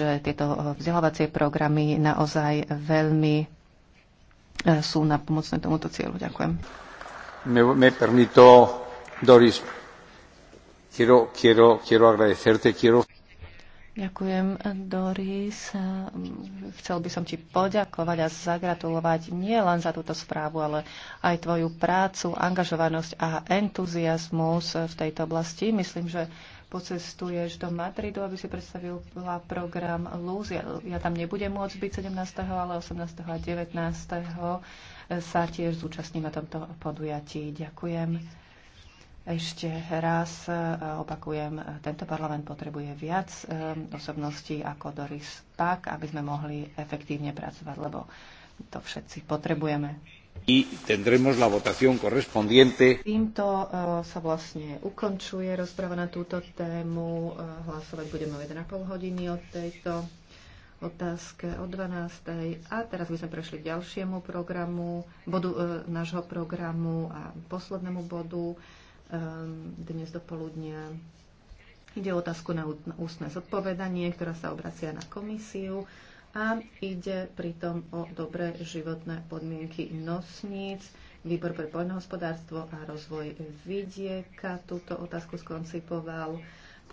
že tieto eh, vzdelávacie programy naozaj veľmi eh, sú na pomocné tomuto cieľu. Ďakujem. Me, me permito, Doris, quiero, quiero, quiero agradecerte, quiero... Ďakujem, Doris. Chcel by som ti poďakovať a zagratulovať nie len za túto správu, ale aj tvoju prácu, angažovanosť a entuziasmus v tejto oblasti. Myslím, že pocestuješ do Madridu, aby si predstavila program Luz. Ja, ja tam nebudem môcť byť 17., ale 18. a 19. sa tiež zúčastním na tomto podujatí. Ďakujem. Ešte raz e, opakujem, tento parlament potrebuje viac e, osobností ako Doris Pak, aby sme mohli efektívne pracovať, lebo to všetci potrebujeme. Týmto eh, sa vlastne ukončuje rozpráva na túto tému. Eh, hlasovať budeme o 1,5 hodiny od tejto otázke o 12. A teraz by sme prešli k ďalšiemu programu, bodu e, nášho programu a poslednému bodu e, dnes do poludnia. Ide o otázku na ústne zodpovedanie, ktorá sa obracia na komisiu a ide pritom o dobré životné podmienky nosníc. Výbor pre poľnohospodárstvo a rozvoj vidieka túto otázku skoncipoval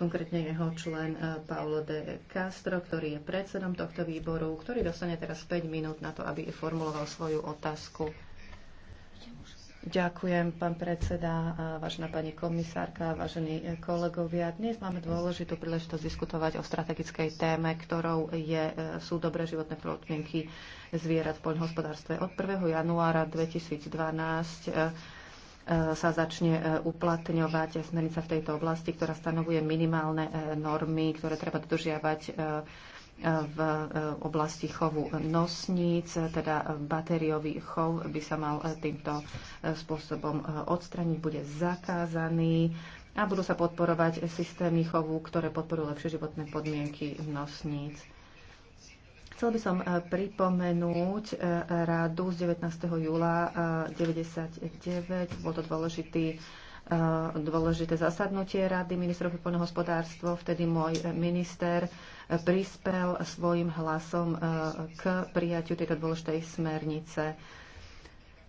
konkrétne jeho člen eh, Paolo de Castro, ktorý je predsedom tohto výboru, ktorý dostane teraz 5 minút na to, aby formuloval svoju otázku. Ďakujem, pán predseda, vážená pani komisárka, vážení e, kolegovia. Dnes máme dôležitú príležitosť diskutovať o strategickej téme, ktorou je, e, sú dobré životné podmienky zvierat v poľnohospodárstve. Od 1. januára 2012 e, sa začne uplatňovať smernica v tejto oblasti, ktorá stanovuje minimálne normy, ktoré treba dodržiavať v e, oblasti chovu nosníc, teda batériový chov by sa mal e, týmto e, spôsobom odstraniť, bude zakázaný a budú sa podporovať systémy chovu, ktoré podporujú lepšie životné podmienky nosníc. Chcel by som pripomenúť rádu z 19. júla 99. Bol to dôležitý Eh, dôležité zasadnutie Rady ministrov pre poľnohospodárstvo. Vtedy môj minister eh, prispel svojim hlasom eh, k prijatiu tejto dôležitej smernice.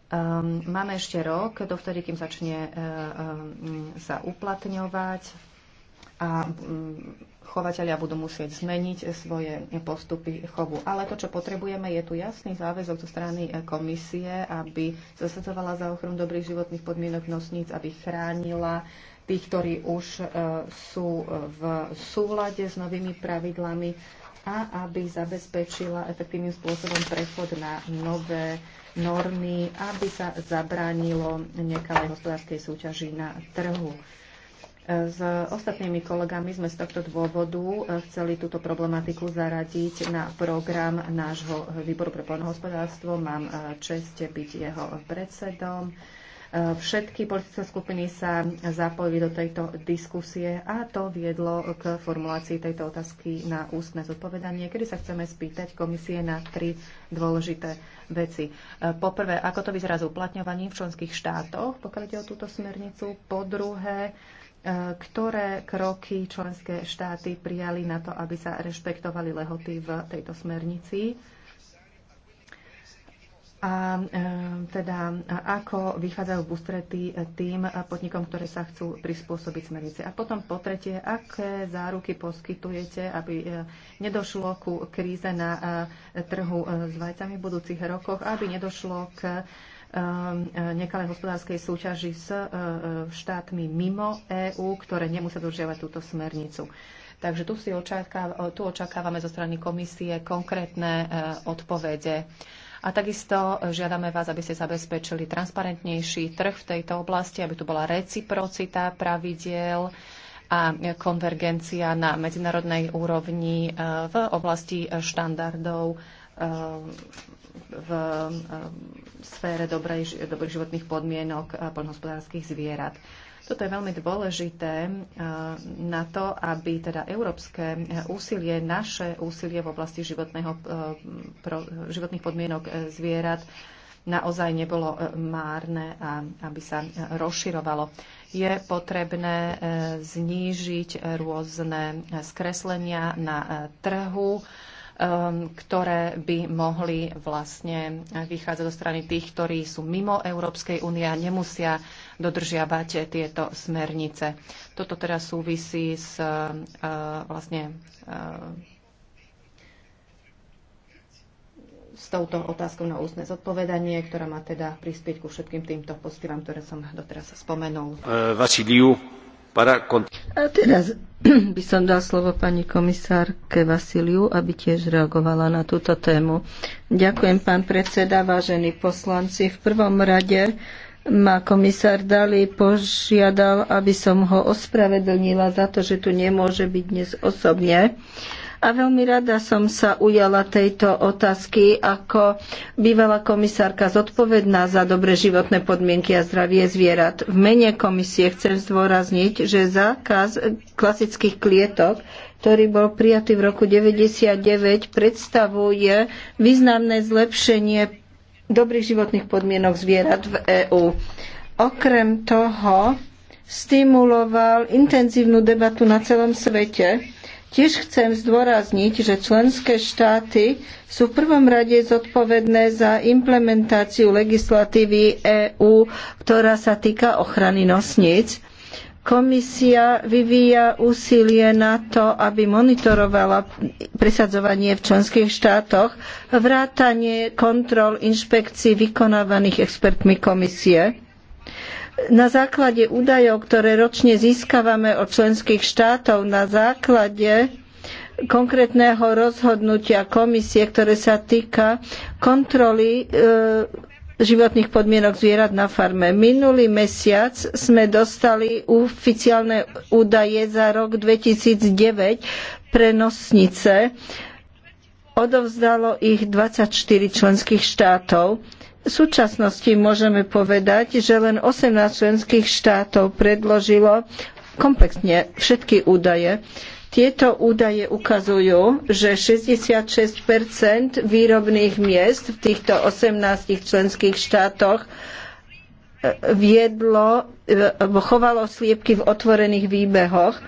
Ehm, máme ešte rok, dovtedy, kým začne ehm, sa uplatňovať a mm, chovateľia budú musieť zmeniť svoje postupy chovu. Ale to, čo potrebujeme, je tu jasný záväzok zo strany eh, komisie, aby zasadzovala za ochranu dobrých životných podmienok nosníc, aby chránila tých, ktorí už eh, sú eh, v súlade s novými pravidlami a aby zabezpečila efektívnym spôsobom prechod na nové normy, aby sa zabránilo nekalej hospodárskej súťaži na trhu. S ostatnými kolegami sme z tohto dôvodu e, chceli túto problematiku zaradiť na program nášho výboru pre poľnohospodárstvo. Mám e, čest byť jeho predsedom. E, všetky politické skupiny sa zapojili do tejto diskusie a to viedlo k formulácii tejto otázky na ústne zodpovedanie, kedy sa chceme spýtať komisie na tri dôležité veci. Poprvé, ako to vyzerá s uplatňovaním v členských štátoch, pokiaľ ide o túto smernicu. Po druhé, E, ktoré kroky členské štáty prijali na to, aby sa rešpektovali lehoty v tejto smernici a e, teda ako vychádzajú v ústretí tým podnikom, ktoré sa chcú prispôsobiť smernici. A potom po tretie, aké záruky poskytujete, aby e, nedošlo ku kríze na trhu s vajcami v budúcich rokoch, aby nedošlo k Um, e, nekalej hospodárskej súťaži s e, e, štátmi mimo EÚ, ktoré nemusia dodržiavať túto smernicu. Takže tu, si očakáv- tu očakávame zo strany komisie konkrétne odpovede. A takisto žiadame vás, aby ste zabezpečili transparentnejší trh v tejto oblasti, aby tu bola reciprocita pravidiel a konvergencia na medzinárodnej úrovni v oblasti štandardov v sfére dobrej, dobrých životných podmienok poľnohospodárských zvierat. Toto je veľmi dôležité eh, na to, aby teda európske eh, úsilie, naše úsilie v oblasti životného, eh, životných podmienok zvierat naozaj nebolo márne a aby sa rozširovalo. Je potrebné znížiť rôzne skreslenia na trhu, Um, ktoré by mohli vlastne vychádzať zo strany tých, ktorí sú mimo Európskej únie a nemusia dodržiavať tieto smernice. Toto teda súvisí s uh, vlastne uh, s touto otázkou na ústne zodpovedanie, ktorá má teda prispieť ku všetkým týmto pozitívam, ktoré som doteraz spomenul. Uh, Vasiliu para... A teraz by som dal slovo pani komisárke Vasiliu, aby tiež reagovala na túto tému. Ďakujem, pán predseda, vážení poslanci. V prvom rade ma komisár Dali požiadal, aby som ho ospravedlnila za to, že tu nemôže byť dnes osobne. Uh, a veľmi rada som sa ujala tejto otázky ako bývalá komisárka zodpovedná za dobre životné podmienky a zdravie zvierat. V mene komisie chcem zdôrazniť, že zákaz klasických klietok ktorý bol prijatý v roku 99, predstavuje významné zlepšenie dobrých životných podmienok zvierat v EÚ. Okrem toho stimuloval intenzívnu debatu na celom svete Tiež chcem zdôrazniť, že členské štáty sú v prvom rade zodpovedné za implementáciu legislatívy EÚ, ktorá sa týka ochrany nosníc. Komisia vyvíja úsilie na to, aby monitorovala presadzovanie v členských štátoch, vrátanie kontrol inšpekcií vykonávaných expertmi komisie na základe údajov, ktoré ročne získavame od členských štátov, na základe konkrétneho rozhodnutia komisie, ktoré sa týka kontroly e, životných podmienok zvierat na farme. Minulý mesiac sme dostali oficiálne údaje za rok 2009 pre nosnice. Odovzdalo ich 24 členských štátov v súčasnosti môžeme povedať, že len 18 členských štátov predložilo komplexne všetky údaje. Tieto údaje ukazujú, že 66 výrobných miest v týchto 18 členských štátoch eh, viedlo, eh, chovalo sliepky v otvorených výbehoch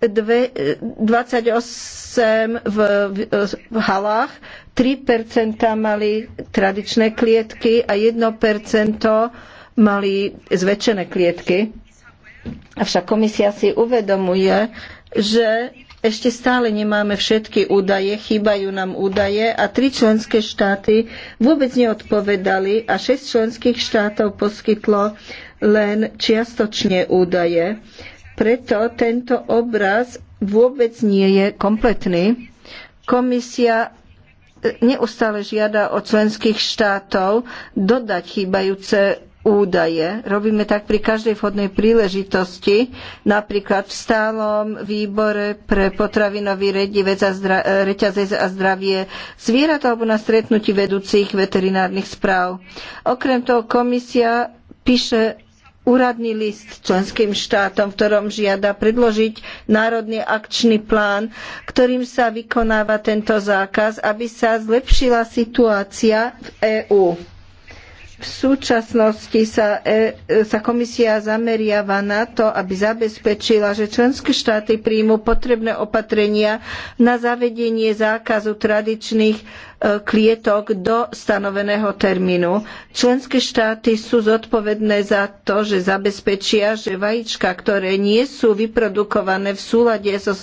28 v, v, v halách, 3% mali tradičné klietky a 1% mali zväčšené klietky. Avšak komisia si uvedomuje, že ešte stále nemáme všetky údaje, chýbajú nám údaje a tri členské štáty vôbec neodpovedali a šesť členských štátov poskytlo len čiastočne údaje. Preto tento obraz vôbec nie je kompletný. Komisia e, neustále žiada od členských štátov dodať chýbajúce údaje. Robíme tak pri každej vhodnej príležitosti, napríklad v stálom výbore pre potravinový redivec a zdra- e, a zdravie zvierat alebo na stretnutí vedúcich veterinárnych správ. Okrem toho komisia píše úradný list členským štátom, v ktorom žiada predložiť národný akčný plán, ktorým sa vykonáva tento zákaz, aby sa zlepšila situácia v EÚ. V súčasnosti sa, e, sa komisia zameriava na to, aby zabezpečila, že členské štáty príjmu potrebné opatrenia na zavedenie zákazu tradičných e, klietok do stanoveného termínu. Členské štáty sú zodpovedné za to, že zabezpečia, že vajíčka, ktoré nie sú vyprodukované v súlade so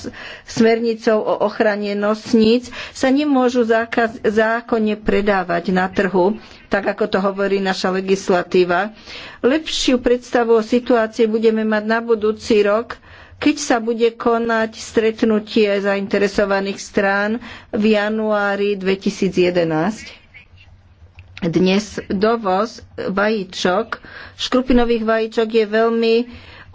smernicou o ochrane nosníc, sa nemôžu zákaz, zákonne predávať na trhu tak ako to hovorí naša legislatíva. Lepšiu predstavu o situácii budeme mať na budúci rok, keď sa bude konať stretnutie zainteresovaných strán v januári 2011. Dnes dovoz vajíčok, škrupinových vajíčok je veľmi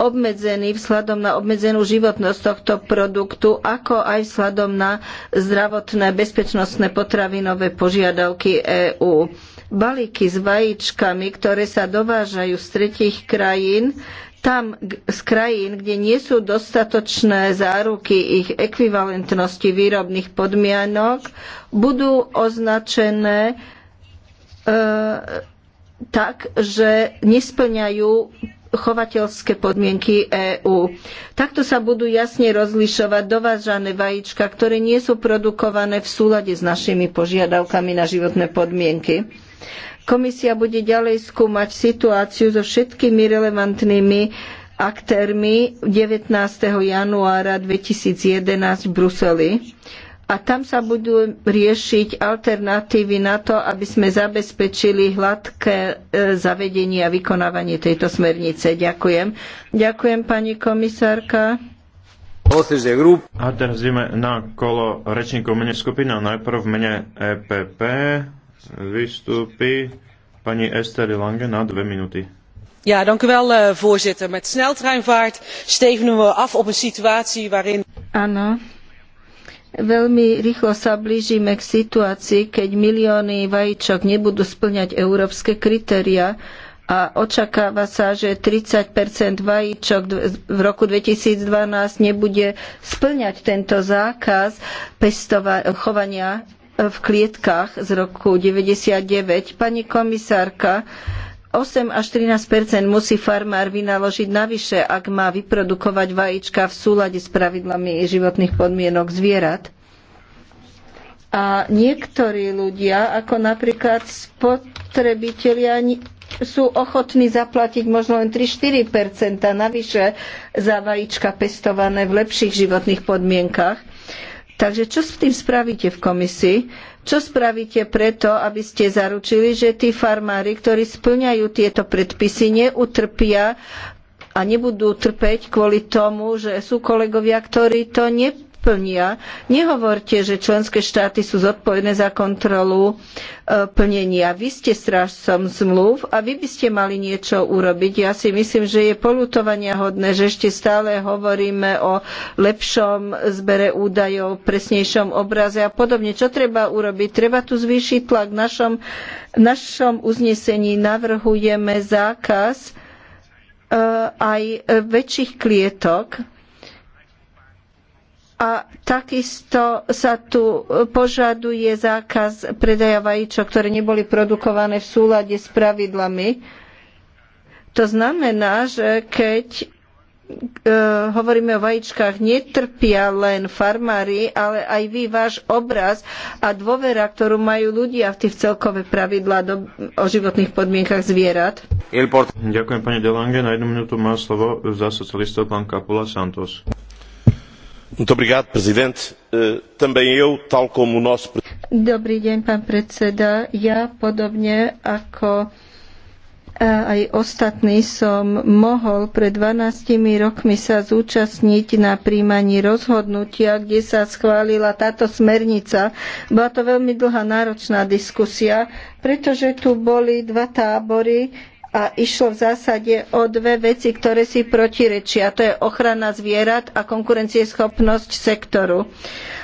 obmedzený vzhľadom na obmedzenú životnosť tohto produktu, ako aj vzhľadom na zdravotné bezpečnostné potravinové požiadavky EÚ balíky s vajíčkami, ktoré sa dovážajú z tretich krajín, tam z krajín, kde nie sú dostatočné záruky ich ekvivalentnosti výrobných podmienok, budú označené e, tak, že nesplňajú chovateľské podmienky EÚ. Takto sa budú jasne rozlišovať dovážané vajíčka, ktoré nie sú produkované v súlade s našimi požiadavkami na životné podmienky. Komisia bude ďalej skúmať situáciu so všetkými relevantnými aktérmi 19. januára 2011 v Bruseli. A tam sa budú riešiť alternatívy na to, aby sme zabezpečili hladké e, zavedenie a vykonávanie tejto smernice. Ďakujem. Ďakujem, pani komisárka. A teraz ideme na kolo rečníkov mene skupina. Najprv mene EPP, Vystupí pani Esther Lange na dve minúty. Ja, dank u wel, eh, voorzitter. Met sneltreinvaart stevenen we af op een situatie waarin... Áno, Veľmi rýchlo sa blížime k situácii, keď milióny vajíčok nebudú splňať európske kritéria a očakáva sa, že 30 vajíčok v roku 2012 nebude splňať tento zákaz pestova- chovania v klietkach z roku 99. Pani komisárka, 8 až 13 musí farmár vynaložiť navyše, ak má vyprodukovať vajíčka v súlade s pravidlami životných podmienok zvierat. A niektorí ľudia, ako napríklad spotrebitelia, sú ochotní zaplatiť možno len 3-4 navyše za vajíčka pestované v lepších životných podmienkach. Takže čo s tým spravíte v komisii? Čo spravíte preto, aby ste zaručili, že tí farmári, ktorí splňajú tieto predpisy, neutrpia a nebudú trpeť kvôli tomu, že sú kolegovia, ktorí to neplňajú? plnia. Nehovorte, že členské štáty sú zodpovedné za kontrolu e, plnenia. Vy ste strážcom zmluv a vy by ste mali niečo urobiť. Ja si myslím, že je polutovania hodné, že ešte stále hovoríme o lepšom zbere údajov, presnejšom obraze a podobne. Čo treba urobiť? Treba tu zvýšiť tlak. V našom, v našom uznesení navrhujeme zákaz e, aj väčších klietok a takisto sa tu požaduje zákaz predaja vajíčok, ktoré neboli produkované v súlade s pravidlami. To znamená, že keď e, hovoríme o vajíčkach, netrpia len farmári, ale aj vy, váš obraz a dôvera, ktorú majú ľudia v tých celkové pravidlá o životných podmienkach zvierat. Ďakujem pani Delange. Na jednu minútu má slovo za socialistov pán Kapula Santos. Eh, Dobrý deň, pán predseda. Ja podobne ako eh, aj ostatní som mohol pred 12 rokmi sa zúčastniť na príjmaní rozhodnutia, kde sa schválila táto smernica. Bola to veľmi dlhá náročná diskusia, pretože tu boli dva tábory, a išlo v zásade o dve veci, ktoré si protirečia. To je ochrana zvierat a konkurencieschopnosť sektoru.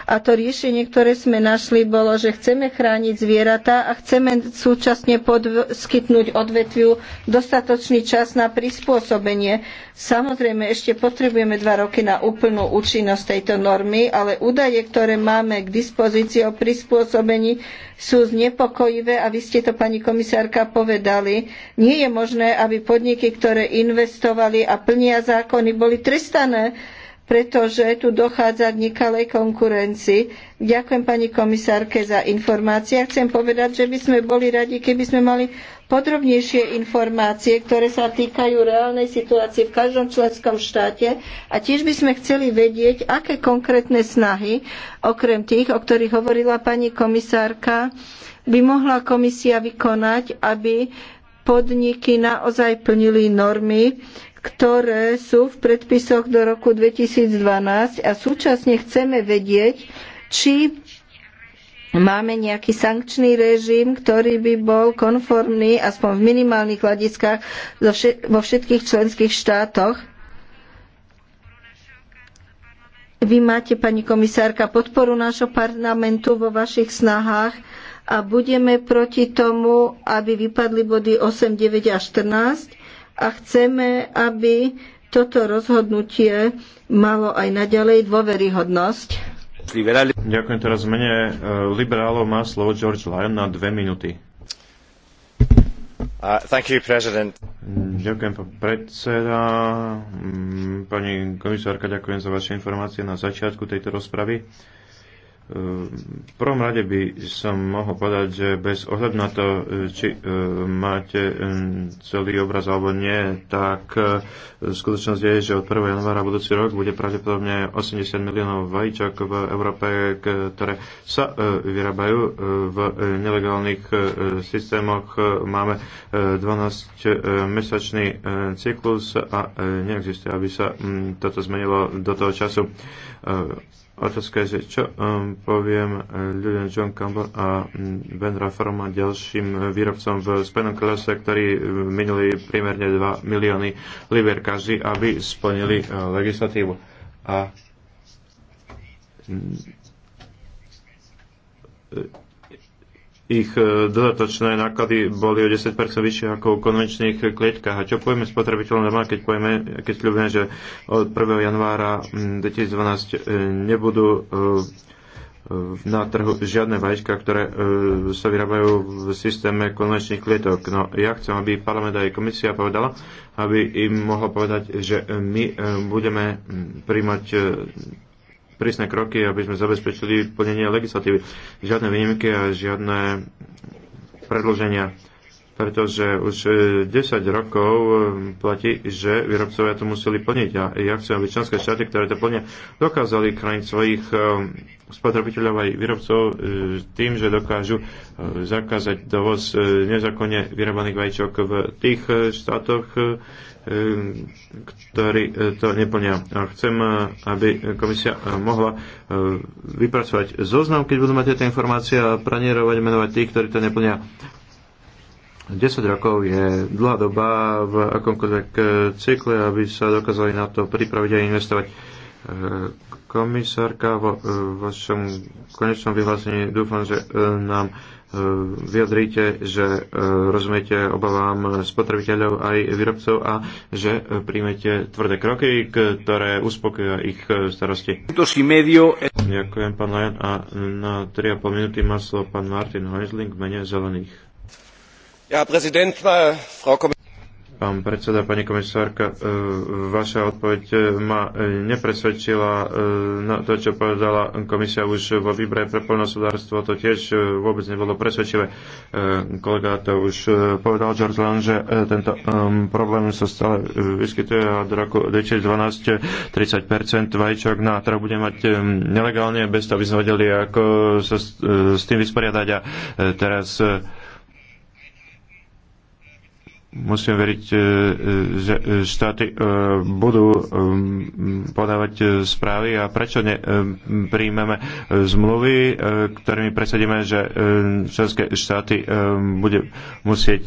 A to riešenie, ktoré sme našli, bolo, že chceme chrániť zvieratá a chceme súčasne poskytnúť odvetviu dostatočný čas na prispôsobenie. Samozrejme, ešte potrebujeme dva roky na úplnú účinnosť tejto normy, ale údaje, ktoré máme k dispozícii o prispôsobení, sú znepokojivé a vy ste to, pani komisárka, povedali. Nie je možné, aby podniky, ktoré investovali a plnia zákony, boli trestané, pretože tu dochádza k nekalej konkurencii. Ďakujem pani komisárke za informácie. Chcem povedať, že by sme boli radi, keby sme mali podrobnejšie informácie, ktoré sa týkajú reálnej situácie v každom členskom štáte a tiež by sme chceli vedieť, aké konkrétne snahy, okrem tých, o ktorých hovorila pani komisárka, by mohla komisia vykonať, aby podniky naozaj plnili normy, ktoré sú v predpisoch do roku 2012 a súčasne chceme vedieť, či máme nejaký sankčný režim, ktorý by bol konformný aspoň v minimálnych hľadiskách vo všetkých členských štátoch. Vy máte, pani komisárka, podporu nášho parlamentu vo vašich snahách a budeme proti tomu, aby vypadli body 8, 9 a 14 a chceme, aby toto rozhodnutie malo aj naďalej dôveryhodnosť. Ďakujem teraz mene. Eh, liberálov má slovo George Lyon na dve minúty. Uh, you, ďakujem, pán predseda. Mm, pani komisárka, ďakujem za vaše informácie na začiatku tejto rozpravy v prvom rade by som mohol povedať, že bez ohľadu na to, či e, máte e, celý obraz alebo nie, tak e, skutočnosť je, že od 1. januára budúci rok bude pravdepodobne 80 miliónov vajíčok v Európe, ktoré sa vyrábajú v nelegálnych systémoch. Máme 12-mesačný cyklus a neexistuje, aby sa toto zmenilo do toho času Otázka je, že čo um, poviem ľuďom eh, John Campbell a mm, Ben Rafferom a ďalším eh, výrobcom v Spenom kráľovstve, ktorí eh, minuli primerne 2 milióny liber každý, aby splnili uh, legislatívu. A uh, ich e, dodatočné náklady boli o 10% vyššie ako v konvenčných klietkách. A čo povieme spotrebiteľom doma, keď povieme, keď ľubíme, že od 1. januára 2012 e, nebudú e, na trhu žiadne vajíčka, ktoré sa vyrábajú v systéme konvenčných klietok. No ja chcem, aby parlament aj komisia povedala, aby im mohla povedať, že my budeme príjmať prísne kroky, aby sme zabezpečili plnenie legislatívy. Žiadne výnimky a žiadne predloženia pretože už 10 e, rokov e, platí, že výrobcovia to museli plniť. A ja chcem, aby členské štáty, ktoré to plnia, dokázali chrániť svojich e, spotrebiteľov aj výrobcov tým, že dokážu zakázať dovoz nezákonne vyrobaných vajíčok v tých štátoch, Ehm, ktorí e, to neplnia. Chcem, e, aby komisia e, mohla vypracovať zoznam, keď budú mať tieto informácie a pranierovať, menovať tých, ktorí to neplnia. 10 rokov je dlhá doba v akomkoľvek cykle, aby sa dokázali na to pripraviť a investovať. Komisárka, vo vašom konečnom vyhlásení dúfam, že nám E, vyjadrite, že e, rozumiete obavám spotrebiteľov aj výrobcov a že e, príjmete tvrdé kroky, ktoré uspokojujú ich starosti. Ďakujem, pán Lajan. A na 3,5 minúty má slovo pán Martin Heusling v mene Zelených. Ja, prezident, frau Pán predseda, pani komisárka, e, vaša odpoveď e, ma e, nepresvedčila na to, čo povedala komisia už vo výbere pre poľnohospodárstvo, to tiež vôbec nebolo presvedčivé. Kolega to už povedal George Lang, že tento problém sa stále vyskytuje a do roku 2012 30% vajíčok na trhu bude mať nelegálne, bez toho, aby sme vedeli, ako sa s tým vysporiadať. A teraz musím veriť, e, e, že štáty e, budú podávať správy a prečo ne príjmeme zmluvy, ktorými presadíme, že členské štáty bude musieť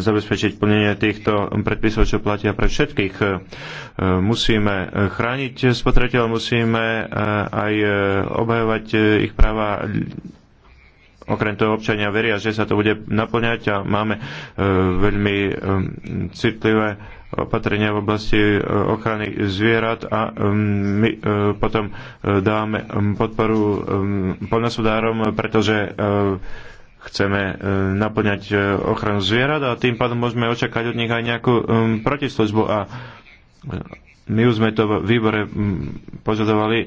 zabezpečiť plnenie týchto predpisov, čo platia pre všetkých. Musíme chrániť spotrebiteľov, musíme aj obhajovať ich práva Okrem toho občania veria, že sa to bude naplňať a máme e, veľmi e, citlivé opatrenia v oblasti e, ochrany zvierat a my potom dáme podporu poľnospodárom, pretože chceme naplňať ochranu zvierat a tým pádom môžeme očakať od nich aj nejakú protislužbu a my už sme to v výbore mm, požadovali, e,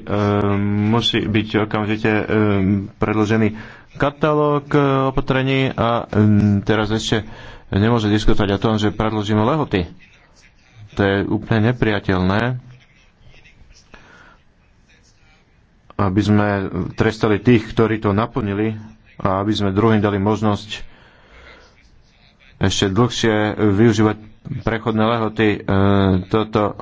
musí byť okamžite e, predložený katalóg e, opatrení a mm, teraz ešte nemôže diskutovať o tom, že predložíme lehoty. To je úplne nepriateľné, aby sme trestali tých, ktorí to naplnili a aby sme druhým dali možnosť ešte dlhšie využívať prechodné lehoty e, toto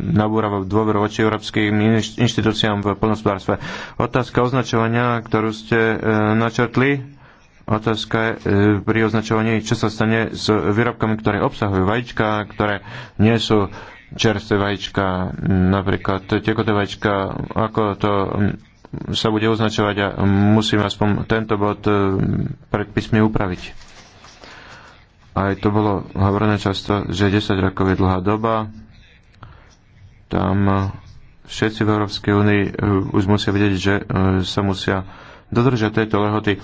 nabúrava dôveru voči európskym inštitúciám v plnospodárstve. Otázka označovania, ktorú ste e, načrtli, otázka je pri označovaní, čo sa stane s výrobkami, ktoré obsahujú vajíčka, ktoré nie sú čerstvé vajíčka, napríklad tekuté vajíčka, ako to sa bude označovať a musím aspoň tento bod predpismi upraviť. Aj to bolo hovorené často, že 10 rokov je dlhá doba. Tam eh, všetci v Európskej únii eh, už musia vedieť, že eh, sa musia dodržať tejto lehoty.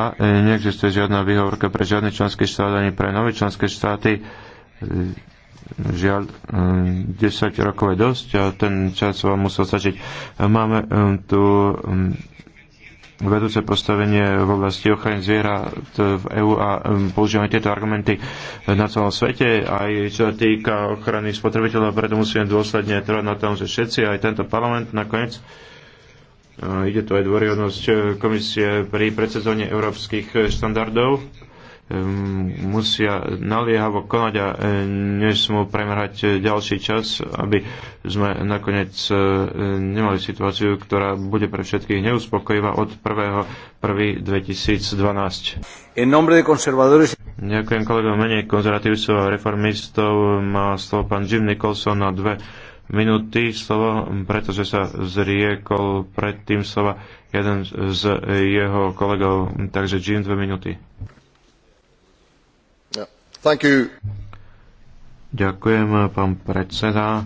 A neexistuje žiadna výhovorka pre žiadny členský štát ani pre nové členské štáty. Žiaľ, 10 rokov je dosť a ten čas vám musel stačiť. Máme tu hm, vedúce postavenie v oblasti ochrany zvierat v EÚ a um, používame tieto argumenty na celom svete. Aj čo sa týka ochrany spotrebiteľov, preto musíme dôsledne trvať na tom, že všetci, aj tento parlament nakoniec, ide tu aj dôryhodnosť e, komisie pri predsedzovaní európskych štandardov, musia naliehavo konať a e, nesmú premerhať e, ďalší čas, aby sme nakoniec e, nemali situáciu, ktorá bude pre všetkých neuspokojivá od 1.1.2012. Ďakujem kolegom menej konzervatívcov a reformistov. Má slovo pán Jim Nicholson na dve minúty slovo, pretože sa zriekol predtým slova jeden z jeho kolegov. Takže Jim, dve minúty. Ďakujem, pán predseda.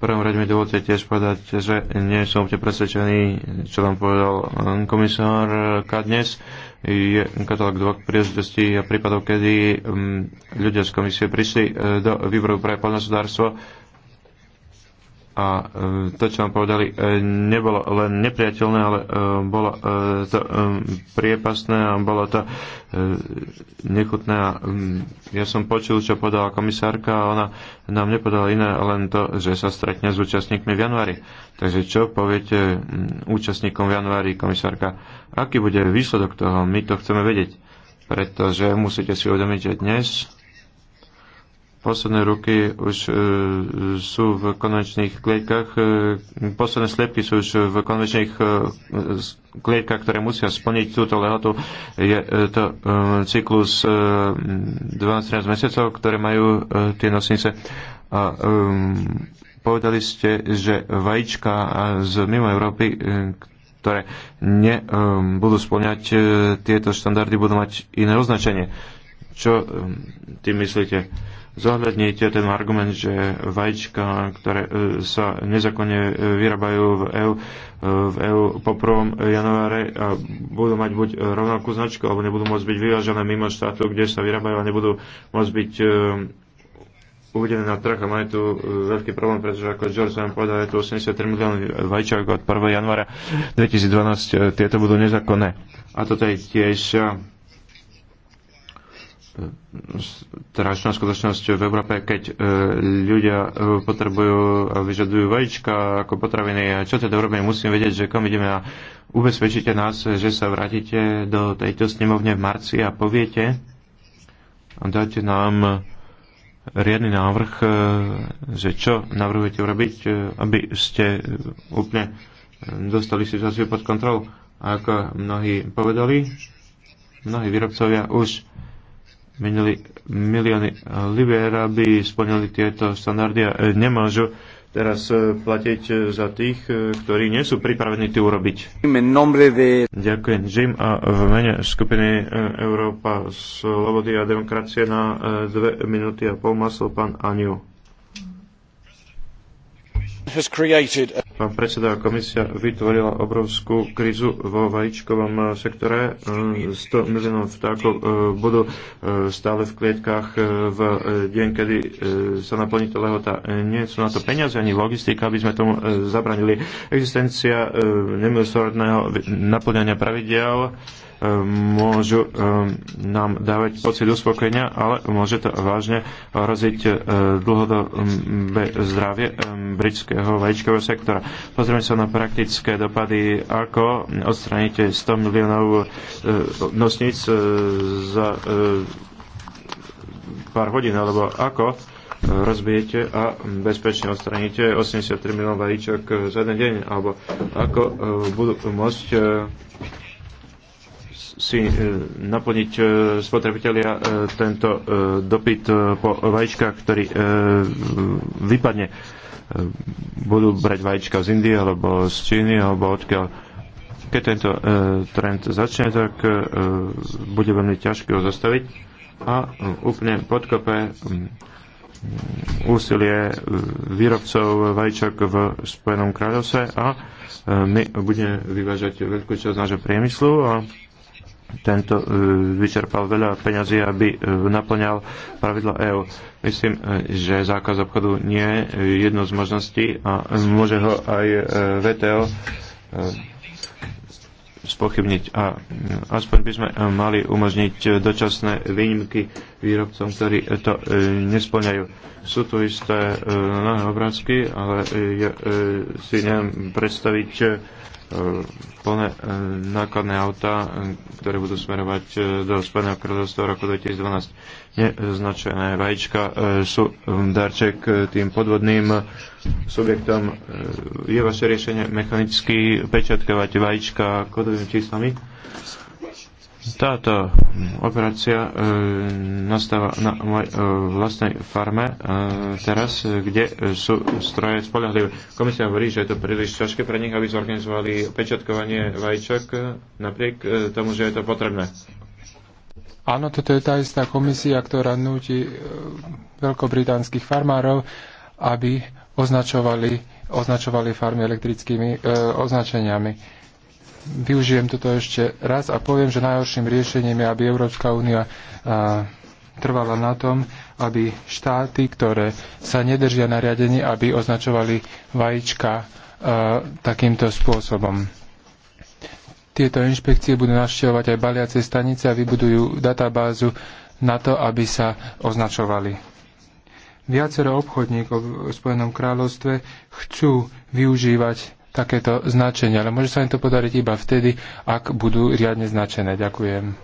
V prvom rade mi dovolte tiež povedať, že nie som úplne presvedčený, čo vám povedal eh, komisár eh, Kadnes. Je katalóg dvoch príležitostí a prípadov, kedy mm, ľudia z komisie prišli eh, do výboru pre poľnohospodárstvo a e, to, čo vám povedali, e, nebolo len nepriateľné, ale e, bolo to priepasné a bolo to nechutné. A ja som počul, čo podala komisárka a ona nám nepodala iné, len to, že sa stretne s účastníkmi v januári. Takže čo poviete účastníkom v januári, komisárka? Aký bude výsledok toho? My to chceme vedieť, pretože musíte si uvedomiť, že dnes posledné ruky už e, sú v konvenčných klietkach, e, posledné slepky sú už v konvenčných e, klietkach, ktoré musia splniť túto lehotu. Je e, to e, cyklus e, 12-13 mesiacov, ktoré majú e, tie nosnice. A, e, povedali ste, že vajíčka z mimo Európy, e, ktoré ne, um, budú splňať e, tieto štandardy, budú mať iné označenie. Čo e, tým myslíte? zohľadnite ten argument, že vajíčka, ktoré e, sa nezakonne e, vyrábajú v EU, e, v EU po 1. januáre budú mať buď rovnakú značku, alebo nebudú môcť byť vyvážené mimo štátu, kde sa vyrábajú a nebudú môcť byť uvedené na trh a majú tu veľký problém, pretože ako George vám povedal, je tu 83 miliónov vajčák od 1. januára 2012, tieto budú nezákonné. A toto je tiež strašnou skutočnosť v Európe, keď e, ľudia e, potrebujú a vyžadujú vajíčka ako potraviny. A čo teda urobíme? Musím vedieť, že kam ideme a ubezpečíte nás, že sa vrátite do tejto snemovne v marci a poviete a dáte nám riadny návrh, e, že čo navrhujete urobiť, aby ste úplne dostali situáciu pod kontrolu. A ako mnohí povedali, mnohí výrobcovia už minuli, milióny libier, aby splnili tieto štandardy a e, nemôžu teraz e, platiť e, za tých, ktorí nie sú pripravení to urobiť. Ďakujem, Jim. A v mene skupiny Európa, Slobody a demokracie na dve minúty a pol maslo pán Aniu. Pán predseda, komisia vytvorila obrovskú krízu vo vajíčkovom sektore. 100 miliónov vtákov e, budú e, stále v klietkách e, v deň, kedy sa naplní to lehota. Nie sú na to peniaze ani logistika, aby sme tomu zabranili. Existencia nemilosrdného naplňania pravidel môžu eh, nám dávať pocit uspokojenia, ale môže to vážne hroziť eh, dlhodobé zdravie eh, britského vajíčkového sektora. Pozrieme sa na praktické dopady, ako odstraníte 100 miliónov nosníc za pár hodín, alebo ako rozbijete a bezpečne odstraníte 83 miliónov vajíčok za jeden deň, alebo ako budú môcť si e, naplniť e, spotrebitelia e, tento dopyt po vajíčkach, ktorý vypadne. Budú brať vajíčka z Indie, alebo z Číny, alebo odkiaľ. Keď tento trend začne, tak bude veľmi ťažké ho zastaviť a úplne podkope úsilie výrobcov vajíčok v Spojenom kráľovstve a my budeme vyvážať veľkú časť nášho priemyslu a tento e, vyčerpal veľa peňazí, aby e, naplňal pravidla EÚ. Myslím, e, že zákaz obchodu nie je jedno z možností a môže ho aj VTO spochybniť a aspoň by sme mali umožniť dočasné výnimky výrobcom, ktorí to nesplňajú. Sú tu isté nové obrázky, ale ja si neviem predstaviť plné e, nákladné auta, e, ktoré budú smerovať e, do Spojeného kráľovstva v roku 2012. Neznačené vajíčka sú darček tým podvodným subjektom. Je vaše riešenie mechanicky pečatkovať vajíčka kodovými číslami? Táto operácia e, nastáva na mojej e, vlastnej farme e, teraz, kde sú stroje spolahlivé. Komisia hovorí, že je to príliš ťažké pre nich, aby zorganizovali pečatkovanie vajíčok napriek e, tomu, že je to potrebné. Áno, toto je tá istá komisia, ktorá núti e, veľkobritánskych farmárov, aby označovali, označovali farmy elektrickými e, označeniami využijem toto ešte raz a poviem, že najhorším riešením je, aby Európska únia trvala na tom, aby štáty, ktoré sa nedržia na riadení, aby označovali vajíčka takýmto spôsobom. Tieto inšpekcie budú navštevovať aj baliace stanice a vybudujú databázu na to, aby sa označovali. Viacero obchodníkov v Spojenom kráľovstve chcú využívať takéto značenie, ale môže sa im to podariť iba vtedy, ak budú riadne značené. Ďakujem.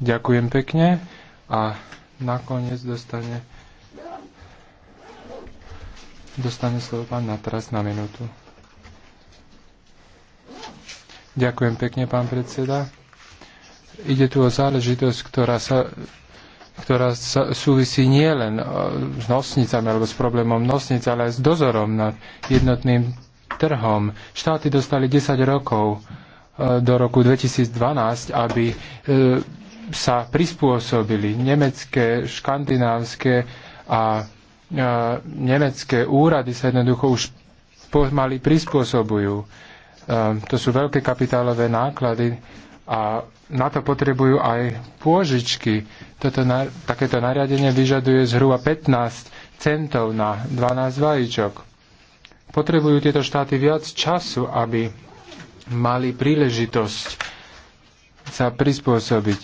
Ďakujem pekne a nakoniec dostane dostane slovo pán Natras na minútu. Ďakujem pekne, pán predseda. Ide tu o záležitosť, ktorá sa ktorá sa súvisí nielen e, s nosnicami alebo s problémom nosnic, ale aj s dozorom nad jednotným trhom. Štáty dostali 10 rokov e, do roku 2012, aby e, sa prispôsobili. Nemecké, škandinávske a nemecké úrady sa jednoducho už pomaly prispôsobujú. To sú veľké kapitálové náklady a na to potrebujú aj pôžičky. Toto, na, takéto nariadenie vyžaduje zhruba 15 centov na 12 vajíčok. Potrebujú tieto štáty viac času, aby mali príležitosť sa prispôsobiť.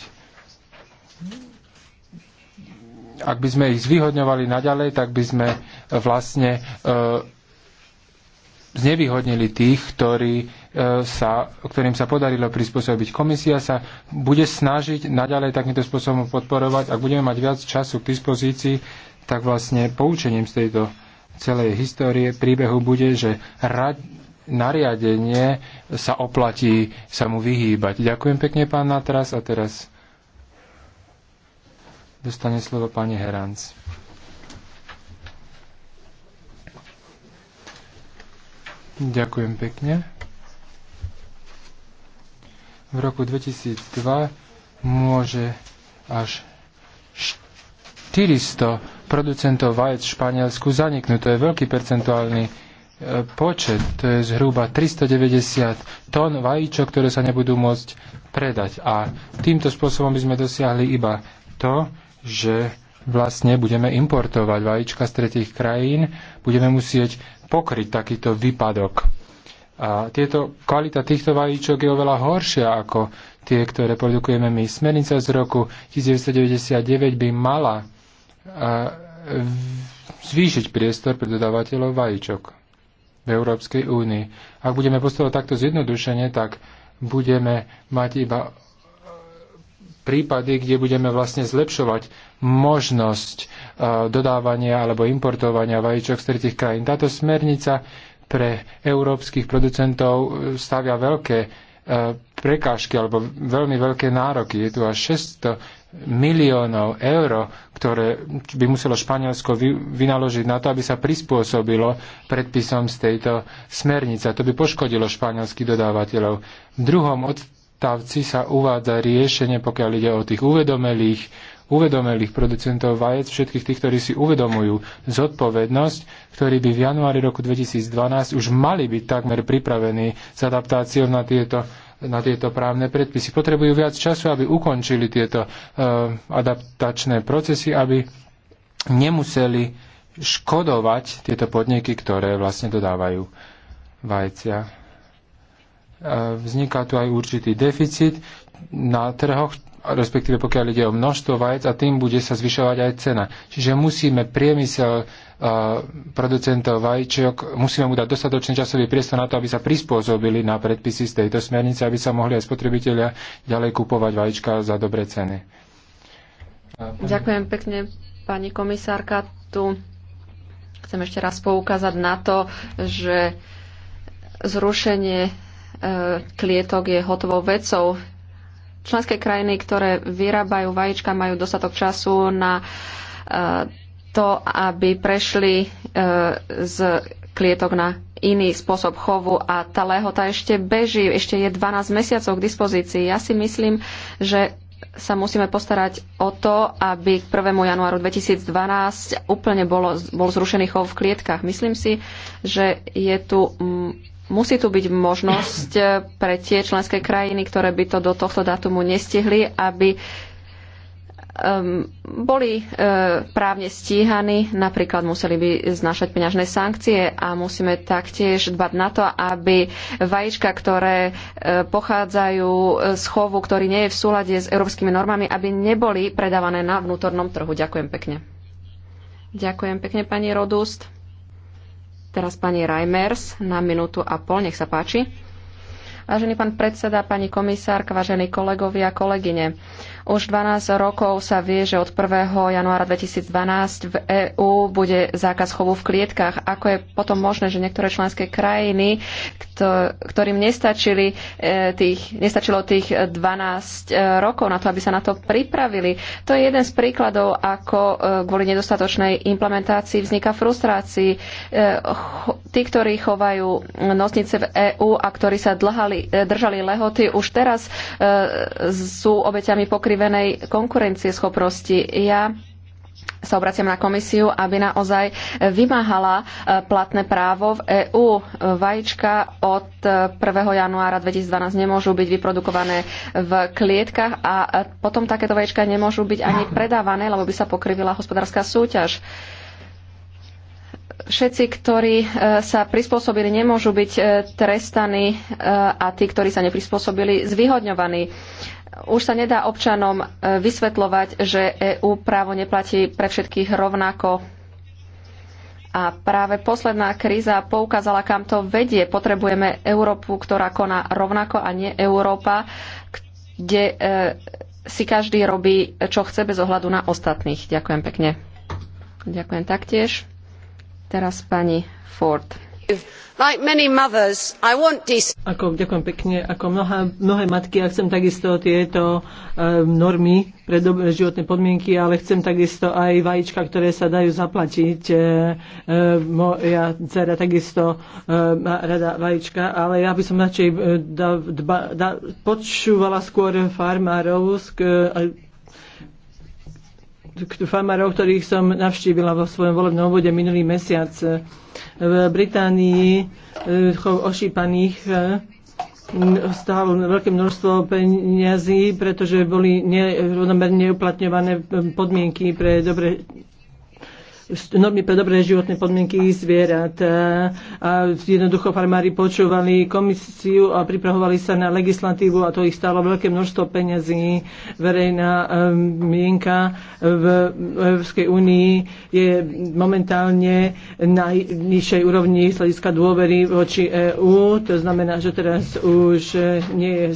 Ak by sme ich zvýhodňovali naďalej, tak by sme e, vlastne e, znevýhodnili tých, ktorí E, sa, ktorým sa podarilo prispôsobiť. Komisia sa bude snažiť naďalej takýmto spôsobom podporovať. Ak budeme mať viac času k dispozícii, tak vlastne poučením z tejto celej histórie príbehu bude, že rad, nariadenie sa oplatí sa mu vyhýbať. Ďakujem pekne, pán Natras, a teraz dostane slovo pani Heranc. Ďakujem pekne v roku 2002 môže až 400 producentov vajec v Španielsku zaniknúť. To je veľký percentuálny e, počet, to je zhruba 390 tón vajíčok, ktoré sa nebudú môcť predať. A týmto spôsobom by sme dosiahli iba to, že vlastne budeme importovať vajíčka z tretich krajín, budeme musieť pokryť takýto výpadok. A tieto, kvalita týchto vajíčok je oveľa horšia ako tie, ktoré produkujeme my. Smernica z roku 1999 by mala e, zvýšiť priestor pre dodávateľov vajíčok v Európskej únii. Ak budeme postupovať takto zjednodušene, tak budeme mať iba e, prípady, kde budeme vlastne zlepšovať možnosť e, dodávania alebo importovania vajíčok z tretich krajín. Táto smernica pre európskych producentov e, stavia veľké e, prekážky alebo veľmi veľké nároky. Je tu až 600 miliónov eur, ktoré by muselo Španielsko vynaložiť na to, aby sa prispôsobilo predpisom z tejto smernice. To by poškodilo španielských dodávateľov. V druhom odstavci sa uvádza riešenie, pokiaľ ide o tých uvedomelých uvedomelých producentov vajec, všetkých tých, ktorí si uvedomujú zodpovednosť, ktorí by v januári roku 2012 už mali byť takmer pripravení s adaptáciou na tieto na tieto právne predpisy. Potrebujú viac času, aby ukončili tieto uh, adaptačné procesy, aby nemuseli škodovať tieto podniky, ktoré vlastne dodávajú vajcia e, vzniká tu aj určitý deficit na trhoch, respektíve pokiaľ ide o množstvo vajec a tým bude sa zvyšovať aj cena. Čiže musíme priemysel e, producentov vajíčok, musíme mu dať dostatočný časový priestor na to, aby sa prispôsobili na predpisy z tejto smernice, aby sa mohli aj spotrebitelia ďalej kupovať vajíčka za dobre ceny. E, Ďakujem pekne, pani komisárka. Tu chcem ešte raz poukázať na to, že zrušenie e, klietok je hotovou vecou členské krajiny, ktoré vyrábajú vajíčka, majú dostatok času na eh, to, aby prešli eh, z klietok na iný spôsob chovu a tá lehota ešte beží, ešte je 12 mesiacov k dispozícii. Ja si myslím, že sa musíme postarať o to, aby k 1. januáru 2012 úplne bolo, bol zrušený chov v klietkach. Myslím si, že je tu mm, Musí tu byť možnosť eh, pre tie členské krajiny, ktoré by to do tohto datumu nestihli, aby um, boli uh, právne stíhaní, napríklad museli by znašať peňažné sankcie a musíme taktiež dbať na to, aby vajíčka, ktoré uh, pochádzajú z chovu, ktorý nie je v súlade s európskymi normami, aby neboli predávané na vnútornom trhu. Ďakujem pekne. Ďakujem pekne, pani Rodust. Teraz pani Reimers na minútu a pol, nech sa páči. Vážený pán predseda, pani komisárka, vážení kolegovia, kolegyne. Už 12 rokov sa vie, že od 1. januára 2012 v EÚ bude zákaz chovu v klietkach. Ako je potom možné, že niektoré členské krajiny, ktorým nestačili e, tých, nestačilo tých 12 e, rokov na to, aby sa na to pripravili. To je jeden z príkladov, ako e, kvôli nedostatočnej implementácii vzniká frustrácii. Tí, ktorí chovajú nosnice v EÚ a ktorí sa dlhali, držali lehoty, už teraz sú obeťami pokrytí pokrivenej konkurencieschopnosti. Ja sa obraciam na komisiu, aby naozaj vymáhala e, platné právo v EÚ. Vajíčka od 1. E, januára 2012 nemôžu byť vyprodukované v klietkach a e, potom takéto vajíčka nemôžu byť ani predávané, lebo by sa pokrivila hospodárska súťaž všetci, ktorí sa prispôsobili, nemôžu byť trestaní a tí, ktorí sa neprispôsobili, zvyhodňovaní už sa nedá občanom e, vysvetľovať, že EÚ právo neplatí pre všetkých rovnako. A práve posledná kríza poukázala, kam to vedie. Potrebujeme Európu, ktorá koná rovnako a nie Európa, kde e, si každý robí, čo chce bez ohľadu na ostatných. Ďakujem pekne. Ďakujem taktiež. Teraz pani Ford. Ako, ďakujem pekne. Ako mnoha, mnohé matky, ja chcem takisto tieto eh, normy pre dobré životné podmienky, ale chcem takisto aj vajíčka, ktoré sa dajú zaplatiť. Eh, eh, moja dcera takisto má rada vajíčka, ale ja by som radšej počúvala skôr farmárov, farmárov, ktorých som navštívila vo svojom volebnom obvode minulý mesiac v Británii, eh, chov ošípaných eh, stálo veľké množstvo peniazí, pretože boli nerovnomerne uplatňované eh, podmienky pre dobre normy pre dobré životné podmienky zvierat. A jednoducho farmári počúvali komisiu a pripravovali sa na legislatívu a to ich stálo veľké množstvo peňazí. Verejná um, mienka v Európskej únii je momentálne na nižšej úrovni z hľadiska dôvery voči EÚ. To znamená, že teraz už nie je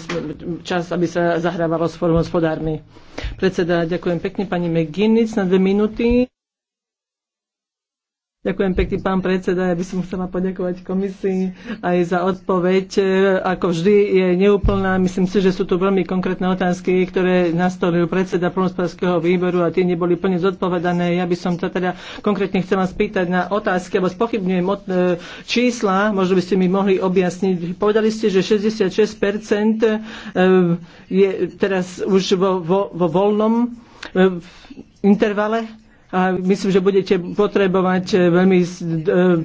čas, aby sa zahrávalo s formou hospodármi. Predseda, ďakujem pekne pani McGinnis na dve minúty. Ďakujem pekne, pán predseda. Ja by som chcela poďakovať komisii aj za odpoveď. Ako vždy je neúplná. Myslím si, že sú tu veľmi konkrétne otázky, ktoré nastolil predseda plnospodárskeho výboru a tie neboli plne zodpovedané. Ja by som sa teda konkrétne chcela spýtať na otázky, alebo spochybňujem od, eh, čísla, možno by ste mi mohli objasniť. Povedali ste, že 66% eh, je teraz už vo, vo, vo voľnom eh, intervale a myslím, že budete potrebovať eh, veľmi eh,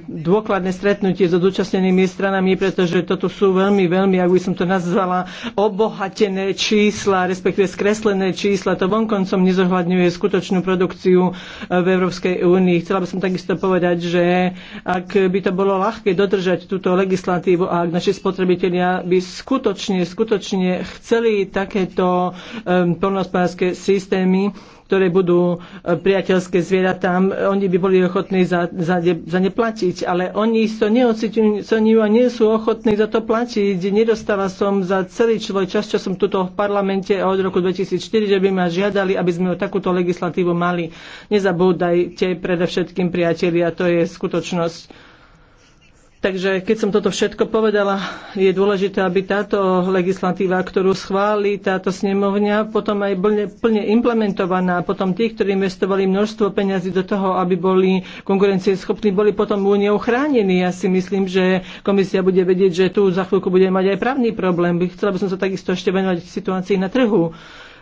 dôkladné stretnutie so zúčastnenými stranami, pretože toto sú veľmi, veľmi, ak by som to nazvala, obohatené čísla, respektíve skreslené čísla. To vonkoncom nezohľadňuje skutočnú produkciu eh, v Európskej únii. Chcela by som takisto povedať, že ak by to bolo ľahké dodržať túto legislatívu a ak naši spotrebitelia by skutočne, skutočne chceli takéto um, polnospodárske systémy, ktoré budú e, priateľské zvieratám, e, oni by boli ochotní za, za, za ne platiť, ale oni to neocitujú a nie sú ochotní za to platiť. Nedostáva som za celý svoj čas, čo som tuto v parlamente od roku 2004, že by ma žiadali, aby sme o takúto legislatívu mali. Nezabúdajte predovšetkým priatelia, to je skutočnosť. Takže keď som toto všetko povedala, je dôležité, aby táto legislatíva, ktorú schváli táto snemovňa, potom aj plne, plne implementovaná. Potom tí, ktorí investovali množstvo peňazí do toho, aby boli konkurencieschopní, boli potom u chránení. Ja si myslím, že komisia bude vedieť, že tu za chvíľku bude mať aj právny problém. Chcela by som sa takisto ešte venovať situácii na trhu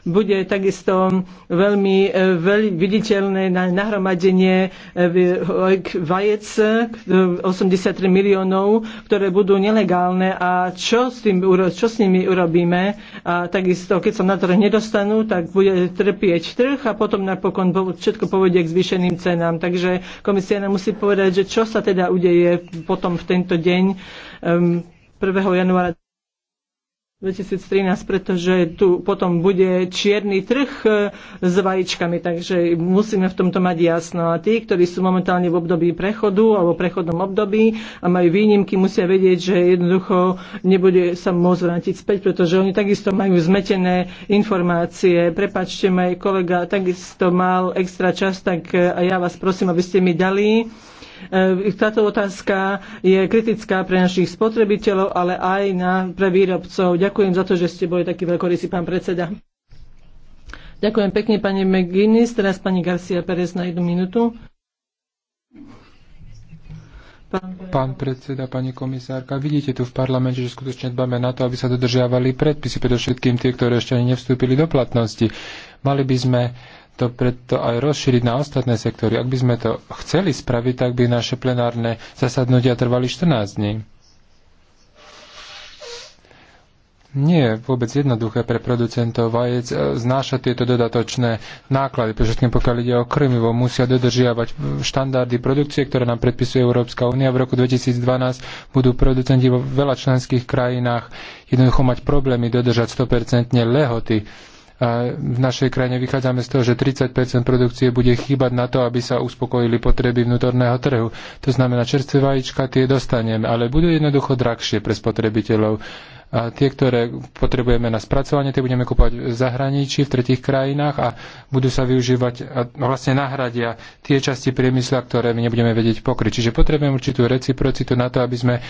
bude takisto um, veľmi, e, veľ, viditeľné na nahromadenie e, e, vajec 83 miliónov, ktoré budú nelegálne a čo s, tým, čo s nimi urobíme. A takisto, keď sa na trh nedostanú, tak bude trpieť trh a potom napokon všetko povedie k zvýšeným cenám. Takže komisia nám musí povedať, že čo sa teda udeje potom v tento deň 1. Um, januára 2013, pretože tu potom bude čierny trh e, s vajíčkami, takže musíme v tomto mať jasno. A tí, ktorí sú momentálne v období prechodu alebo prechodnom období a majú výnimky, musia vedieť, že jednoducho nebude sa môcť vrátiť späť, pretože oni takisto majú zmetené informácie. Prepačte, môj kolega takisto mal extra čas, tak e, a ja vás prosím, aby ste mi dali E, táto otázka je kritická pre našich spotrebiteľov, ale aj na, pre výrobcov. Ďakujem za to, že ste boli taký veľkorysý pán predseda. Ďakujem pekne, pani McGuinness. Teraz pani Garcia Perez na jednu minútu. Pán, Pán predseda, pani komisárka, vidíte tu v parlamente, že skutočne dbáme na to, aby sa dodržiavali predpisy, predovšetkým tie, ktoré ešte ani nevstúpili do platnosti. Mali by sme to preto aj rozšíriť na ostatné sektory. Ak by sme to chceli spraviť, tak by naše plenárne zasadnutia trvali 14 dní. Nie je vôbec jednoduché pre producentov vajec e, znášať tieto dodatočné náklady, všetkým pokiaľ ide o krmivo, musia dodržiavať štandardy produkcie, ktoré nám predpisuje Európska únia. V roku 2012 budú producenti vo veľa členských krajinách jednoducho mať problémy dodržať 100% lehoty v našej krajine vychádzame z toho, že 30 produkcie bude chýbať na to, aby sa uspokojili potreby vnútorného trhu. To znamená, čerstvé vajíčka tie dostaneme, ale budú jednoducho drahšie pre spotrebiteľov. A tie, ktoré potrebujeme na spracovanie, tie budeme kúpať v zahraničí, v tretich krajinách a budú sa využívať a vlastne nahradia tie časti priemysla, ktoré my nebudeme vedieť pokryť. Čiže potrebujeme určitú reciprocitu na to, aby sme uh,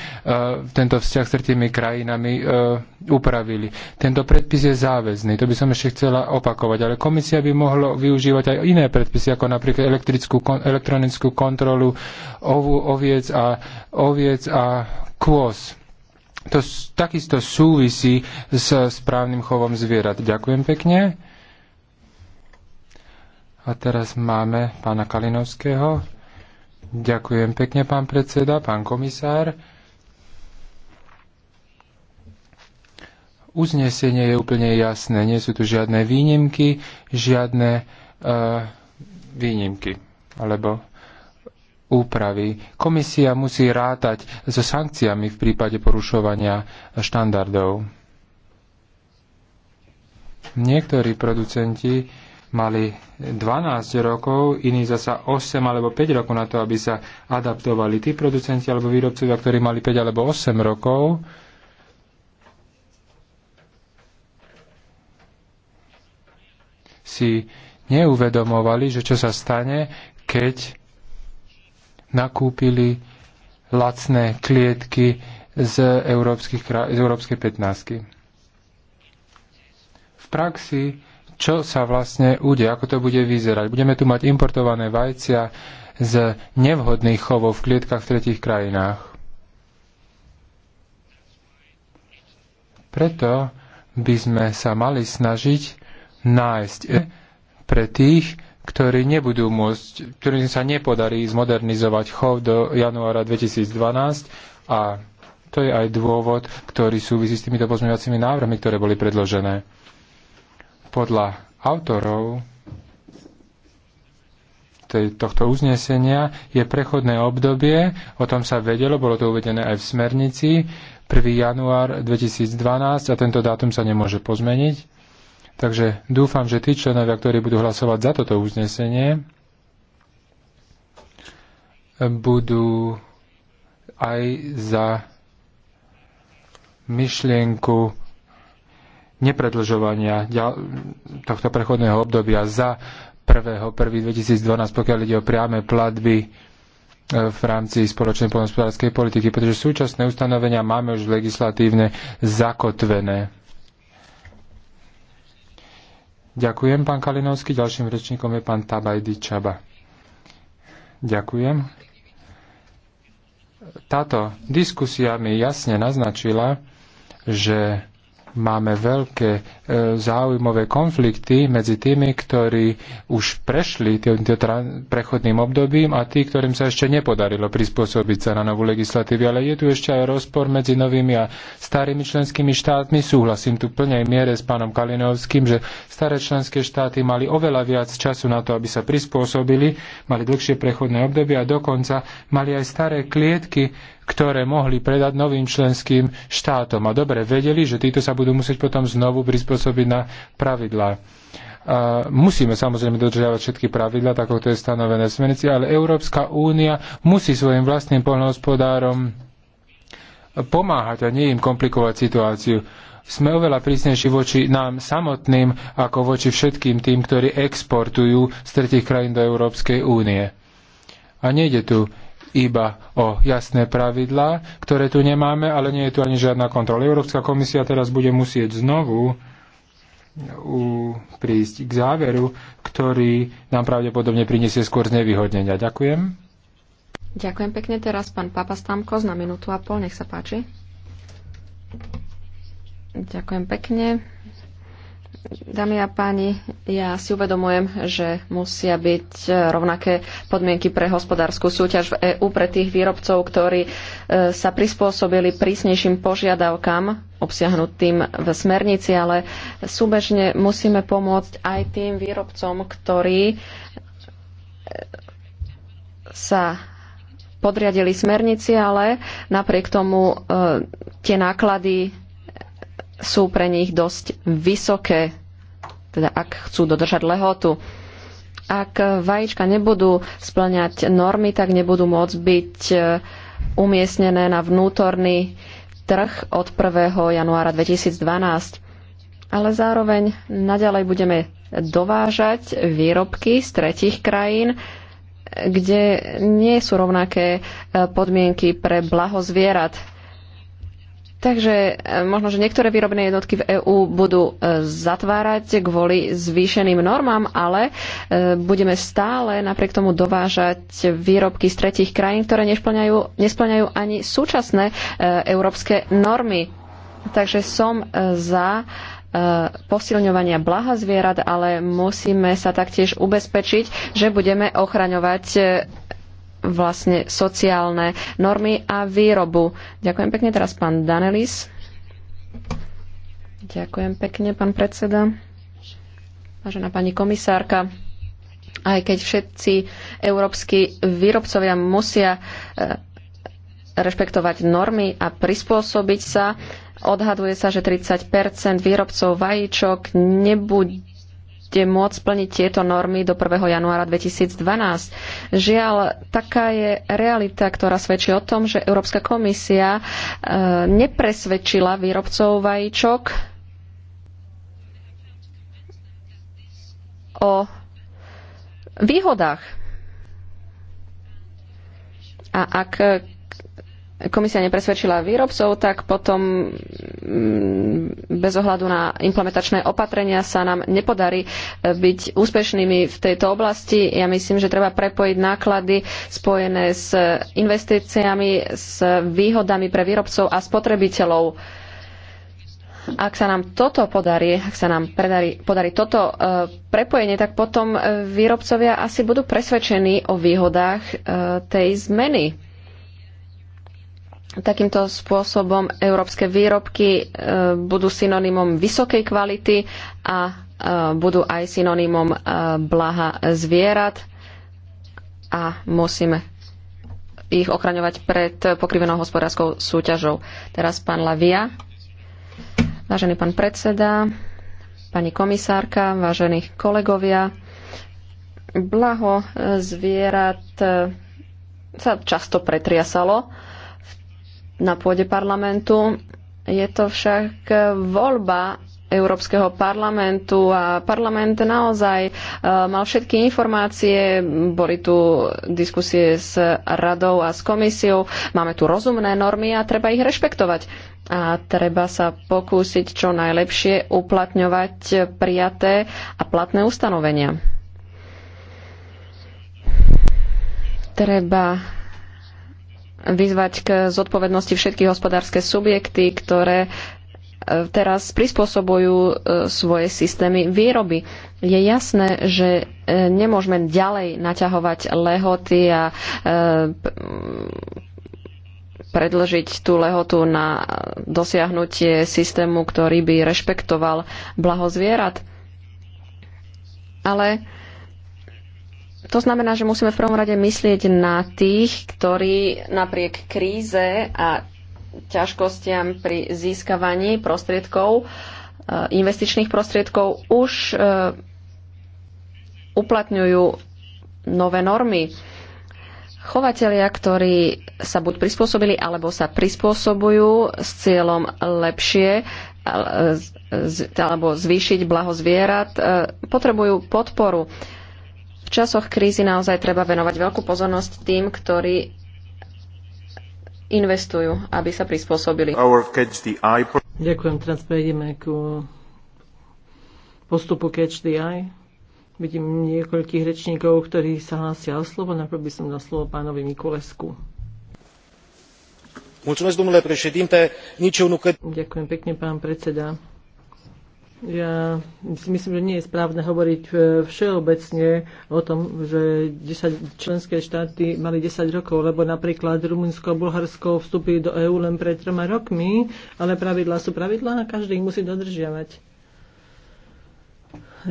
tento vzťah s tretimi krajinami uh, upravili. Tento predpis je záväzný, to by som ešte chcela opakovať, ale komisia by mohla využívať aj iné predpisy, ako napríklad elektrickú, elektronickú kontrolu ovu, oviec a, oviec a kôz to takisto súvisí s správnym chovom zvierat. Ďakujem pekne. A teraz máme pána Kalinovského. Ďakujem pekne, pán predseda, pán komisár. Uznesenie je úplne jasné. Nie sú tu žiadne výnimky, žiadne uh, výnimky alebo úpravy. Komisia musí rátať so sankciami v prípade porušovania štandardov. Niektorí producenti mali 12 rokov, iní zasa 8 alebo 5 rokov na to, aby sa adaptovali. Tí producenti alebo výrobcovia, ktorí mali 5 alebo 8 rokov, si neuvedomovali, že čo sa stane, keď nakúpili lacné klietky z, európskych, z európskej 15. V praxi, čo sa vlastne ude, ako to bude vyzerať? Budeme tu mať importované vajcia z nevhodných chovov v klietkach v tretich krajinách. Preto by sme sa mali snažiť nájsť e pre tých, ktorí nebudú môcť, ktorým sa nepodarí zmodernizovať chov do januára 2012 a to je aj dôvod, ktorý súvisí s týmito pozmeňovacími návrhmi, ktoré boli predložené. Podľa autorov tohto uznesenia je prechodné obdobie, o tom sa vedelo, bolo to uvedené aj v smernici, 1. január 2012 a tento dátum sa nemôže pozmeniť Takže dúfam, že tí členovia, ktorí budú hlasovať za toto uznesenie, budú aj za myšlienku nepredlžovania tohto prechodného obdobia za 1.1.2012, pokiaľ ide o priame platby e, v rámci spoločnej poľnohospodárskej politiky, pretože súčasné ustanovenia máme už legislatívne zakotvené. Ďakujem, pán Kalinovský. Ďalším rečníkom je pán Tabajdi Čaba. Ďakujem. Táto diskusia mi jasne naznačila, že máme veľké E, záujmové konflikty medzi tými, ktorí už prešli týmto prechodným obdobím a tí, ktorým sa ešte nepodarilo prispôsobiť sa na novú legislatívu. Ale je tu ešte aj rozpor medzi novými a starými členskými štátmi. Súhlasím tu plnej miere s pánom Kalinovským, že staré členské štáty mali oveľa viac času na to, aby sa prispôsobili, mali dlhšie prechodné obdobie a dokonca mali aj staré klietky, ktoré mohli predať novým členským štátom. A dobre vedeli, že títo sa budú musieť potom znovu prispôsobiť prispôsobiť na pravidlá. A musíme samozrejme dodržiavať všetky pravidlá, tak ako to je stanovené v smernici, ale Európska únia musí svojim vlastným poľnohospodárom pomáhať a nie im komplikovať situáciu sme oveľa prísnejší voči nám samotným, ako voči všetkým tým, ktorí exportujú z tretich krajín do Európskej únie. A nejde tu iba o jasné pravidlá, ktoré tu nemáme, ale nie je tu ani žiadna kontrola. Európska komisia teraz bude musieť znovu u, prísť k záveru, ktorý nám pravdepodobne prinesie skôr znevýhodnenia. Ďakujem. Ďakujem pekne. Teraz pán Papa Stamko na minútu a pol. Nech sa páči. Ďakujem pekne. Dámy a páni, ja si uvedomujem, že musia byť e, rovnaké podmienky pre hospodárskú súťaž v EÚ pre tých výrobcov, ktorí e, sa prispôsobili prísnejším požiadavkám obsiahnutým v smernici, ale súbežne musíme pomôcť aj tým výrobcom, ktorí e, sa podriadili smernici, ale napriek tomu tie náklady sú pre nich dosť vysoké, teda ak chcú dodržať lehotu. Ak vajíčka nebudú splňať normy, tak nebudú môcť byť e, umiestnené na vnútorný trh od 1. januára 2012. Ale zároveň naďalej budeme dovážať výrobky z tretich krajín, kde nie sú rovnaké e, podmienky pre blaho zvierat Takže e, možno, že niektoré výrobné jednotky v EÚ budú e, zatvárať kvôli zvýšeným normám, ale e, budeme stále napriek tomu dovážať výrobky z tretich krajín, ktoré nesplňajú, nesplňajú ani súčasné európske normy. Takže som za posilňovania blaha zvierat, ale musíme sa taktiež ubezpečiť, že budeme ochraňovať vlastne sociálne normy a výrobu. Ďakujem pekne teraz pán Danelis. Ďakujem pekne, pán predseda. Vážená pani komisárka, aj keď všetci európsky výrobcovia musia e, rešpektovať normy a prispôsobiť sa, odhaduje sa, že 30 výrobcov vajíčok nebude budete môcť splniť tieto normy do 1. januára 2012. Žiaľ, taká je realita, ktorá svedčí o tom, že Európska komisia e, nepresvedčila výrobcov vajíčok o výhodách. A ak komisia nepresvedčila výrobcov, tak potom mm, bez ohľadu na implementačné opatrenia sa nám nepodarí e, byť úspešnými v tejto oblasti. Ja myslím, že treba prepojiť náklady spojené s investíciami, s výhodami pre výrobcov a spotrebiteľov. Ak sa nám toto podarí, ak sa nám predarí, podarí toto e, prepojenie, tak potom e, výrobcovia asi budú presvedčení o výhodách tej zmeny Takýmto spôsobom európske výrobky e, budú synonymom vysokej kvality a e, budú aj synonymom e, blaha zvierat a musíme ich ochraňovať pred pokrivenou hospodárskou súťažou. Teraz pán Lavia. Vážený pán predseda, pani komisárka, vážení kolegovia, blaho zvierat sa často pretriasalo na pôde parlamentu. Je to však voľba Európskeho parlamentu a parlament naozaj e, mal všetky informácie, boli tu diskusie s radou a s komisiou, máme tu rozumné normy a treba ich rešpektovať. A treba sa pokúsiť čo najlepšie uplatňovať prijaté a platné ustanovenia. Treba vyzvať k zodpovednosti všetky hospodárske subjekty, ktoré e, teraz prispôsobujú e, svoje systémy výroby. Je jasné, že e, nemôžeme ďalej naťahovať lehoty a predlžiť tú lehotu na dosiahnutie systému, ktorý by rešpektoval blaho zvierat. Ale to znamená, že musíme v prvom rade myslieť na tých, ktorí napriek kríze a ťažkostiam pri získavaní prostriedkov, e, investičných prostriedkov už e, uplatňujú nové normy. Chovatelia, ktorí sa buď prispôsobili, alebo sa prispôsobujú s cieľom lepšie e, alebo zvýšiť blaho zvierat, potrebujú podporu. V časoch krízy naozaj treba venovať veľkú pozornosť tým, ktorí investujú, aby sa prispôsobili. Ďakujem, teraz prejdeme ku postupu Catch the Eye. Vidím niekoľkých rečníkov, ktorí sa hlásia o slovo. Najprv by som na slovo pánovi Mikulesku. Mulțumesc, domnule președinte. Ďakujem pekne, pán predseda. Ja si myslím, že nie je správne hovoriť e, všeobecne o tom, že 10 členské štáty mali 10 rokov, lebo napríklad Rumunsko a Bulharsko vstúpili do EÚ len pred troma rokmi, ale pravidlá sú pravidlá a každý ich musí dodržiavať.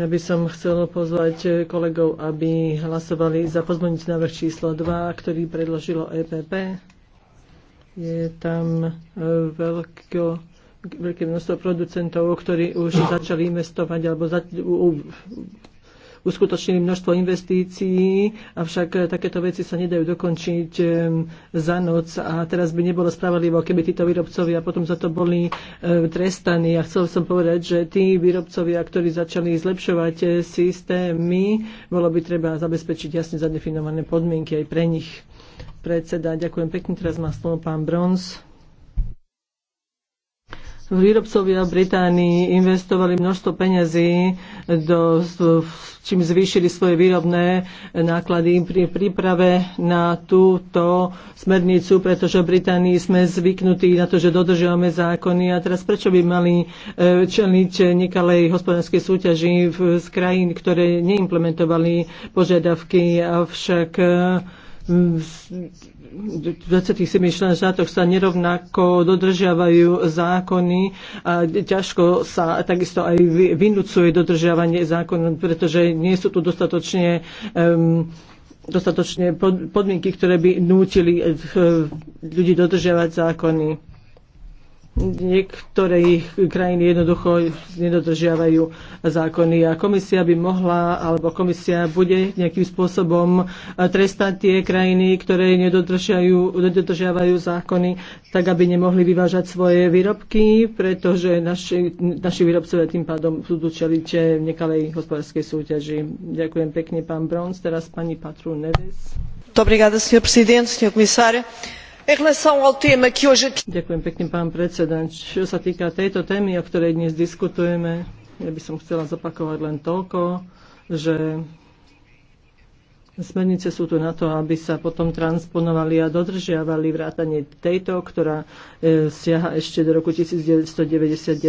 Ja by som chcel pozvať kolegov, aby hlasovali za pozmeňujúci návrh číslo 2, ktorý predložilo EPP. Je tam e, veľko veľké množstvo producentov, ktorí už no. začali investovať alebo za, u, u, uskutočnili množstvo investícií, avšak eh, takéto veci sa nedajú dokončiť ehm, za noc a teraz by nebolo spravodlivo, keby títo výrobcovia potom za to boli eh, trestaní. A chcel som povedať, že tí výrobcovia, ktorí začali zlepšovať eh, systémy, bolo by treba zabezpečiť jasne zadefinované podmienky aj pre nich. Predseda, ďakujem pekne, teraz má slovo pán Bronz. Výrobcovia v Británii investovali množstvo peňazí, do, čím zvýšili svoje výrobné náklady pri príprave na túto smernicu, pretože v Británii sme zvyknutí na to, že dodržiavame zákony a teraz prečo by mali e, čeliť nekalej hospodárskej súťaži z krajín, ktoré neimplementovali požiadavky, avšak 27 štátoch sa nerovnako dodržiavajú zákony a ťažko sa takisto aj vynúcuje dodržiavanie zákonov, pretože nie sú tu dostatočne um, dostatočne podmienky, ktoré by nútili eh, ľudí dodržiavať zákony niektoré krajiny jednoducho nedodržiavajú zákony a komisia by mohla, alebo komisia bude nejakým spôsobom e, trestať tie krajiny, ktoré nedodržiavajú, nedodržiavajú zákony, tak aby nemohli vyvážať svoje výrobky, pretože naši, naši výrobcovia tým pádom budú čeliť e, nekalej hospodárskej súťaži. Ďakujem pekne, pán Brons. Teraz pani Patru Neves. Obrigada, senhor presidente, senhor comissário. Ďakujem pekne, pán predseda. Čo sa týka tejto témy, o ktorej dnes diskutujeme, ja by som chcela zopakovať len toľko, že Smernice sú tu na to, aby sa potom transponovali a dodržiavali vrátanie tejto, ktorá e, siaha ešte do roku 1999.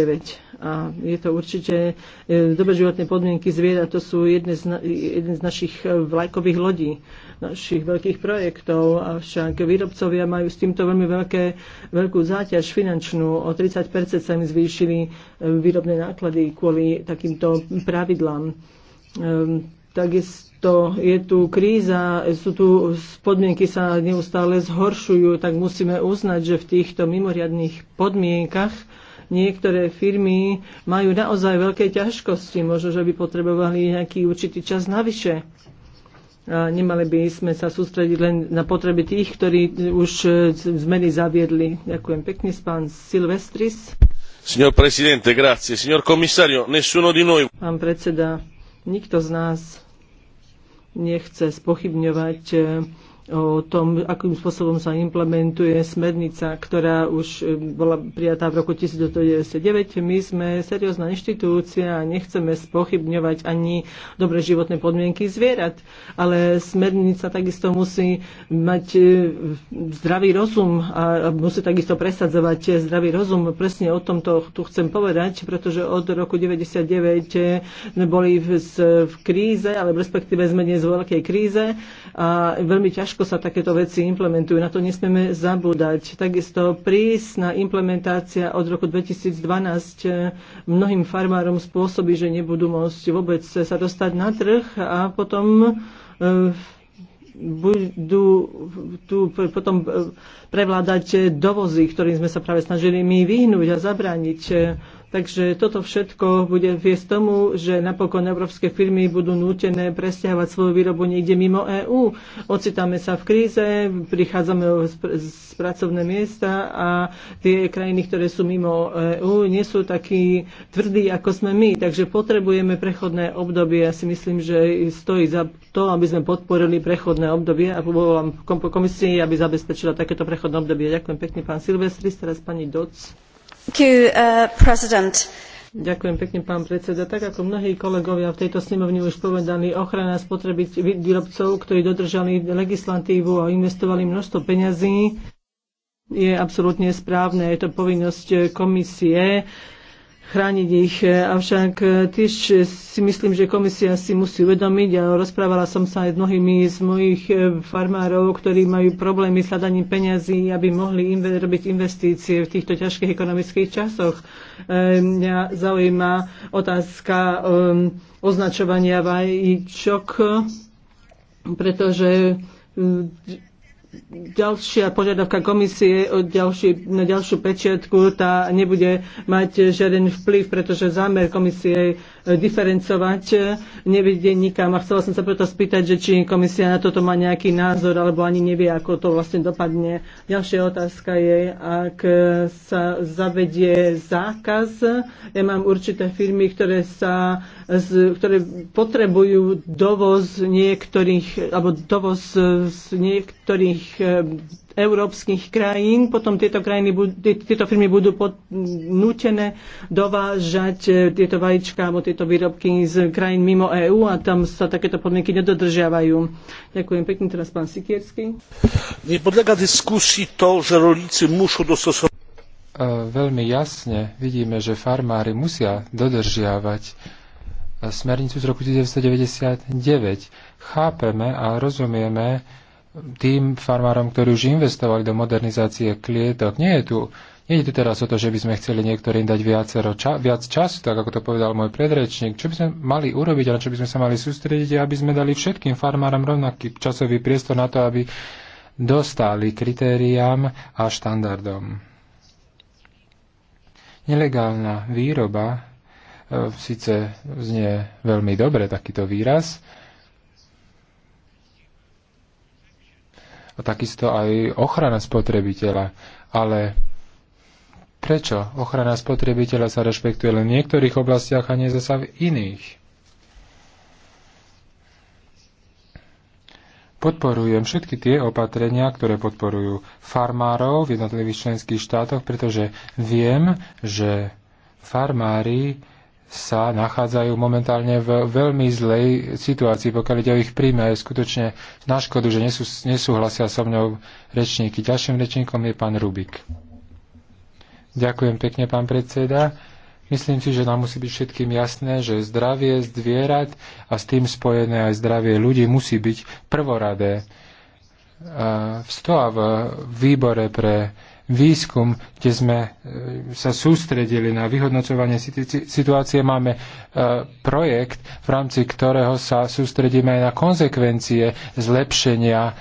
A je to určite e, dobre životné podmienky zvierat, to sú jedne z, na, jeden z našich e, vlajkových lodí, našich veľkých projektov, avšak výrobcovia majú s týmto veľmi veľké, veľkú záťaž finančnú. O 30% sa im zvýšili e, výrobné náklady kvôli takýmto pravidlám. E, takisto je tu kríza, sú tu podmienky sa neustále zhoršujú, tak musíme uznať, že v týchto mimoriadných podmienkach niektoré firmy majú naozaj veľké ťažkosti, možno, že by potrebovali nejaký určitý čas navyše. A nemali by sme sa sústrediť len na potreby tých, ktorí už zmeny zaviedli. Ďakujem pekne, pán Silvestris. Signor Presidente, grazie. Signor Commissario, nessuno di noi... Pán predseda, Nikto z nás nechce spochybňovať eh, o tom, akým spôsobom sa implementuje smernica, ktorá už e, bola prijatá v roku 1999. My sme seriózna inštitúcia a nechceme spochybňovať ani dobre životné podmienky zvierat, ale smernica takisto musí mať e, zdravý rozum a musí takisto presadzovať zdravý rozum. Presne o tom to tu chcem povedať, pretože od roku 1999 e, boli v, v kríze, ale respektíve sme dnes v veľkej kríze a veľmi ťažko ťažko sa takéto veci implementujú. Na to nesmieme zabúdať. Takisto prísna implementácia od roku 2012 eh, mnohým farmárom spôsobí, že nebudú môcť vôbec sa dostať na trh a potom eh, budú tu potom eh, prevládať dovozy, ktorým sme sa práve snažili my vyhnúť a zabrániť Takže toto všetko bude viesť tomu, že napokon európske firmy budú nútené presťahovať svoju výrobu niekde mimo EÚ. Ocitáme sa v kríze, prichádzame z pracovné miesta a tie krajiny, ktoré sú mimo EÚ, nie sú takí tvrdí, ako sme my. Takže potrebujeme prechodné obdobie. Ja si myslím, že stojí za to, aby sme podporili prechodné obdobie a povolám komisii, aby zabezpečila takéto prechodné obdobie. Ďakujem pekne, pán Silvestris, teraz pani Doc. Uh, Ďakujem pekne, pán predseda. Tak ako mnohí kolegovia v tejto snemovni už povedali, ochrana spotrebiť výrobcov, ktorí dodržali legislatívu a investovali množstvo peňazí, je absolútne správne. Je to povinnosť eh, komisie chrániť ich. E, avšak e, tiež e, si myslím, že komisia si musí uvedomiť, a rozprávala som sa aj s mnohými z mojich farmárov, ktorí majú problémy s hľadaním peňazí, aby mohli robiť investície v týchto ťažkých ekonomických časoch. Mňa zaujíma otázka označovania vajíčok, pretože ďalšia požiadavka komisie o ďalší, na ďalšiu pečiatku, tá nebude mať žiaden vplyv, pretože zámer komisie diferencovať, nevedie nikam. A chcela som sa preto spýtať, že či komisia na toto má nejaký názor, alebo ani nevie, ako to vlastne dopadne. Ďalšia otázka je, ak sa zavedie zákaz, ja mám určité firmy, ktoré, sa, ktoré potrebujú dovoz niektorých, alebo dovoz z niektorých európskych krajín. Potom tieto, krajiny, tieto firmy budú nutené dovážať e, tieto vajíčka alebo tieto výrobky z krajín mimo EÚ a tam sa takéto podmienky nedodržiavajú. Ďakujem pekne teraz pán Sikierský. Nepodlega diskusii to, že rolníci musia dostosovať e, veľmi jasne vidíme, že farmári musia dodržiavať e, smernicu z roku 1999. Chápeme a rozumieme tým farmárom, ktorí už investovali do modernizácie klietok. Nie je tu, nie je tu teraz o to, že by sme chceli niektorým dať viacero, ča, viac času, tak ako to povedal môj predrečník. Čo by sme mali urobiť a čo by sme sa mali sústrediť, aby sme dali všetkým farmárom rovnaký časový priestor na to, aby dostali kritériám a štandardom. Nelegálna výroba e, síce znie veľmi dobre takýto výraz, a takisto aj ochrana spotrebiteľa. Ale prečo ochrana spotrebiteľa sa rešpektuje len v niektorých oblastiach a nie zasa v iných? Podporujem všetky tie opatrenia, ktoré podporujú farmárov v jednotlivých členských štátoch, pretože viem, že farmári sa nachádzajú momentálne v veľmi zlej situácii, pokiaľ ide o ich príjme. Je skutočne na škodu, že nesú, nesúhlasia so mnou rečníky. Ďalším rečníkom je pán Rubik. Ďakujem pekne, pán predseda. Myslím si, že nám musí byť všetkým jasné, že zdravie zvierat a s tým spojené aj zdravie ľudí musí byť prvoradé. V stoa v výbore pre výskum, kde sme e, sa sústredili na vyhodnocovanie situácie. Máme e, projekt, v rámci ktorého sa sústredíme aj na konsekvencie zlepšenia e,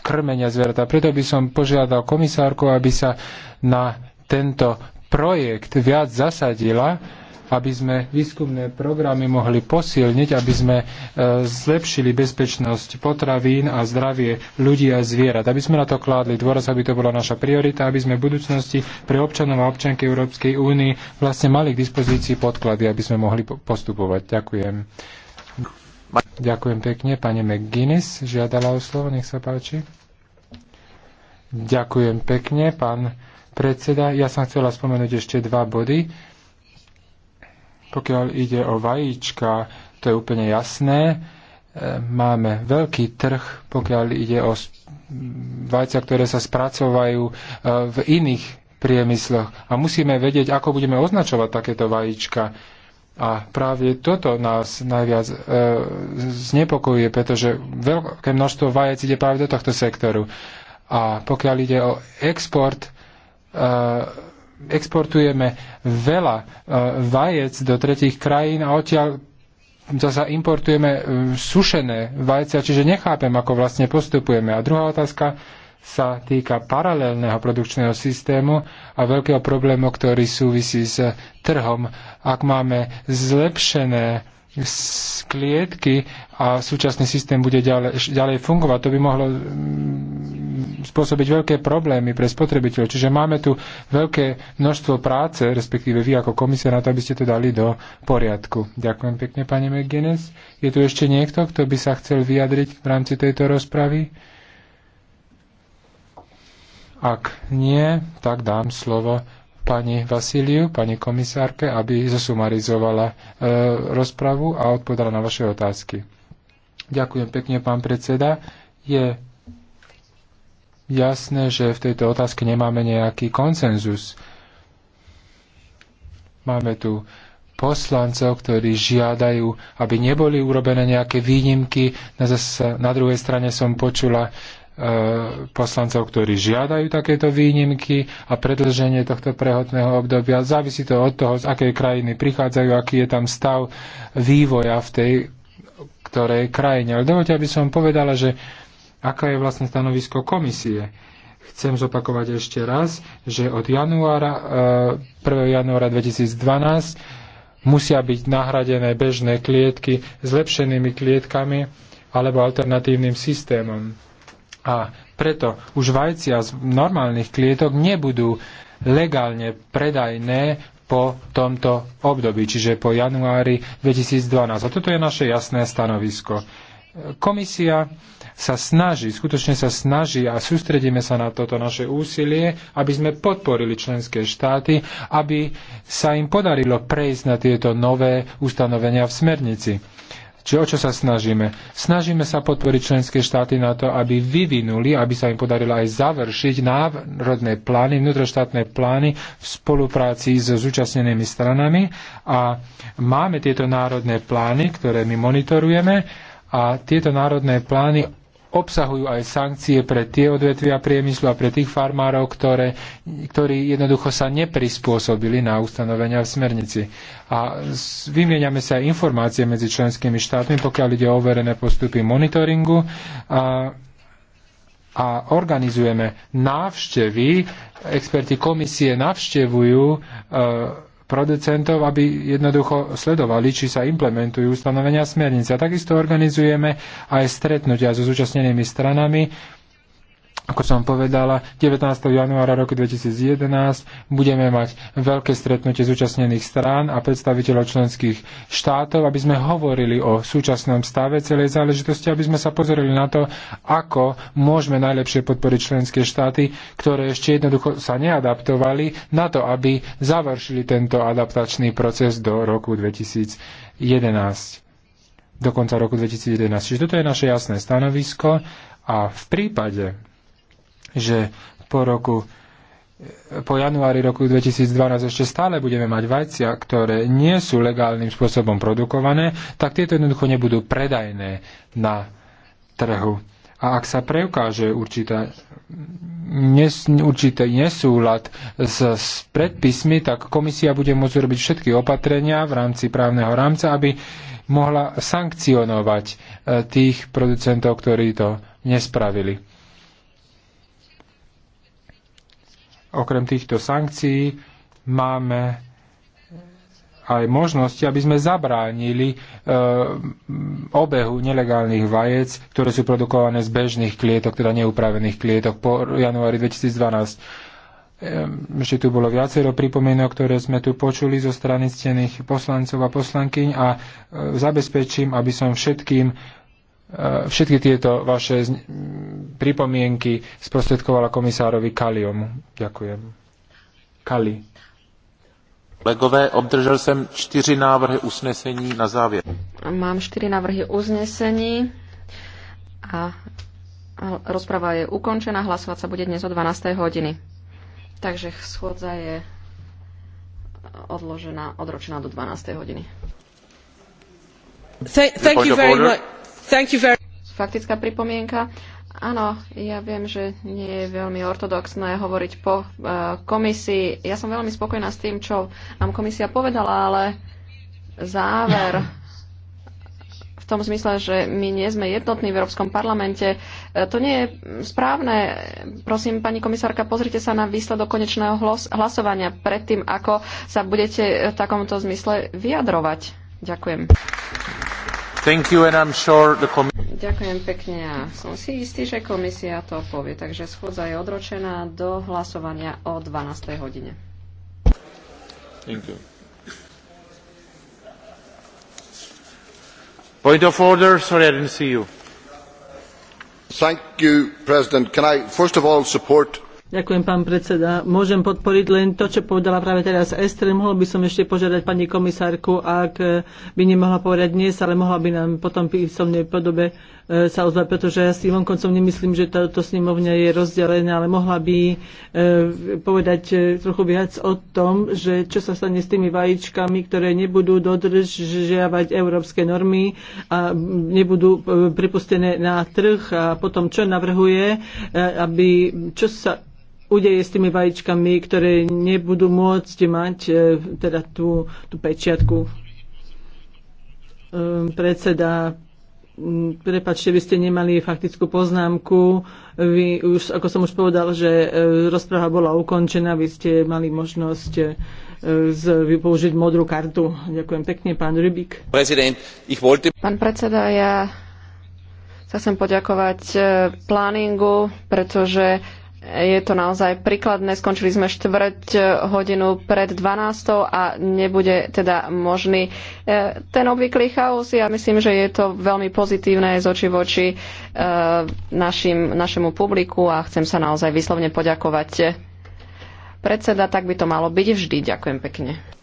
krmenia zvierat. Preto by som požiadal komisárku, aby sa na tento projekt viac zasadila aby sme výskumné programy mohli posilniť, aby sme e, zlepšili bezpečnosť potravín a zdravie ľudí a zvierat. Aby sme na to kládli dôraz, aby to bola naša priorita, aby sme v budúcnosti pre občanov a občanky Európskej únii vlastne mali k dispozícii podklady, aby sme mohli postupovať. Ďakujem. Ďakujem pekne. Pani McGuinness žiadala o slovo, nech sa páči. Ďakujem pekne, pán predseda. Ja som chcela spomenúť ešte dva body. Pokiaľ ide o vajíčka, to je úplne jasné. E, máme veľký trh, pokiaľ ide o vajcia, ktoré sa spracovajú e, v iných priemysloch. A musíme vedieť, ako budeme označovať takéto vajíčka. A práve toto nás najviac e, znepokojuje, pretože veľké množstvo vajec ide práve do tohto sektoru. A pokiaľ ide o export, e, exportujeme veľa e, vajec do tretich krajín a odtiaľ zasa importujeme e, sušené vajcia, čiže nechápem, ako vlastne postupujeme. A druhá otázka sa týka paralelného produkčného systému a veľkého problému, ktorý súvisí s trhom. Ak máme zlepšené klietky a súčasný systém bude ďalej, ďalej fungovať, to by mohlo mm, spôsobiť veľké problémy pre spotrebiteľov. Čiže máme tu veľké množstvo práce, respektíve vy ako komisia, na to, aby ste to dali do poriadku. Ďakujem pekne, pani McGuinness. Je tu ešte niekto, kto by sa chcel vyjadriť v rámci tejto rozpravy? Ak nie, tak dám slovo pani Vasiliu, pani komisárke, aby zosumarizovala e, rozpravu a odpovedala na vaše otázky. Ďakujem pekne, pán predseda. Je jasné, že v tejto otázke nemáme nejaký konsenzus. Máme tu poslancov, ktorí žiadajú, aby neboli urobené nejaké výnimky. Na, zase, na druhej strane som počula e, poslancov, ktorí žiadajú takéto výnimky a predlženie tohto prehodného obdobia. Závisí to od toho, z akej krajiny prichádzajú, aký je tam stav vývoja v tej ktorej krajine. Ale dovolte, aby som povedala, že aká je vlastne stanovisko komisie. Chcem zopakovať ešte raz, že od januára, 1. E, januára 2012 musia byť nahradené bežné klietky zlepšenými klietkami alebo alternatívnym systémom. A preto už vajcia z normálnych klietok nebudú legálne predajné po tomto období, čiže po januári 2012. A toto je naše jasné stanovisko. Komisia sa snaží, skutočne sa snaží a sústredíme sa na toto naše úsilie, aby sme podporili členské štáty, aby sa im podarilo prejsť na tieto nové ustanovenia v smernici. Čiže o čo sa snažíme? Snažíme sa podporiť členské štáty na to, aby vyvinuli, aby sa im podarilo aj završiť národné plány, vnútroštátne plány v spolupráci so zúčastnenými stranami a máme tieto národné plány, ktoré my monitorujeme a tieto národné plány obsahujú aj sankcie pre tie odvetvia priemyslu a pre tých farmárov, ktoré, ktorí jednoducho sa neprispôsobili na ustanovenia v smernici. A vymieňame sa aj informácie medzi členskými štátmi, pokiaľ ide o overené postupy monitoringu. A a organizujeme návštevy, experti komisie navštevujú e, producentov, aby jednoducho sledovali, či sa implementujú ustanovenia smernice. A takisto organizujeme aj stretnutia so zúčastnenými stranami, ako som povedala, 19. januára roku 2011 budeme mať veľké stretnutie zúčastnených strán a predstaviteľov členských štátov, aby sme hovorili o súčasnom stave celej záležitosti, aby sme sa pozorili na to, ako môžeme najlepšie podporiť členské štáty, ktoré ešte jednoducho sa neadaptovali na to, aby završili tento adaptačný proces do roku 2011 do konca roku 2011. Čiže toto je naše jasné stanovisko a v prípade, že po roku po januári roku 2012 ešte stále budeme mať vajcia, ktoré nie sú legálnym spôsobom produkované, tak tieto jednoducho nebudú predajné na trhu. A ak sa preukáže určitá, nes, určitý nesúlad s, s predpismi, tak komisia bude môcť robiť všetky opatrenia v rámci právneho rámca, aby mohla sankcionovať e, tých producentov, ktorí to nespravili. okrem týchto sankcií máme aj možnosti, aby sme zabránili e, obehu nelegálnych vajec, ktoré sú produkované z bežných klietok, teda neupravených klietok po januári 2012. ešte ehm, tu bolo viacero pripomienok, ktoré sme tu počuli zo strany stených poslancov a poslankyň a e, zabezpečím, aby som všetkým Eh, všetky tieto vaše pripomienky sprostredkovala komisárovi Kaliomu. Ďakujem. Kali. Legové, obdržel som čtyři návrhy usnesení na závier. Mám čtyři návrhy usnesení a rozprava je ukončená. Hlasovať sa bude dnes o 12. hodiny. Takže schôdza je odložená, odročená do 12. hodiny. thank you very much. Faktická pripomienka. Áno, ja viem, že nie je veľmi ortodoxné hovoriť po uh, komisii. Ja som veľmi spokojná s tým, čo nám komisia povedala, ale záver v tom zmysle, že my nie sme jednotní v Európskom parlamente, eh, to nie je správne. Prosím, pani komisárka, pozrite sa na výsledok konečného hlas- hlasovania predtým, ako sa budete v takomto zmysle vyjadrovať. Ďakujem. Ďakujem pekne a som si istý, že komisia to povie. Takže schôdza je odročená do hlasovania o 12. hodine. Thank Point of order, sorry I didn't see you. Thank you, President. Can I first of all support Ďakujem, pán predseda. Môžem podporiť len to, čo povedala práve teraz Estre. Mohol by som ešte požiadať pani komisárku, ak by nemohla povedať dnes, ale mohla by nám potom písomnej podobe e, sa ozvať, pretože ja si vonkoncom nemyslím, že táto snemovňa je rozdelená, ale mohla by e, povedať e, trochu viac o tom, že čo sa stane s tými vajíčkami, ktoré nebudú dodržiavať európske normy a nebudú pripustené na trh a potom čo navrhuje, aby čo sa udeje s tými vajíčkami, ktoré nebudú môcť mať e, teda tú, tú pečiatku. Ehm, predseda, prepačte, vy ste nemali faktickú poznámku. Vy už, ako som už povedal, že e, rozpráva bola ukončená, vy ste mali možnosť e, z, použiť modrú kartu. Ďakujem pekne, pán Rybík. Pán predseda, ja sa chcem poďakovať pláningu, pretože je to naozaj príkladné. Skončili sme štvrť eh, hodinu pred 12. a nebude teda možný eh, ten obvyklý chaos. Ja myslím, že je to veľmi pozitívne z oči voči eh, našim, našemu publiku a chcem sa naozaj vyslovne poďakovať predseda, tak by to malo byť vždy. Ďakujem pekne.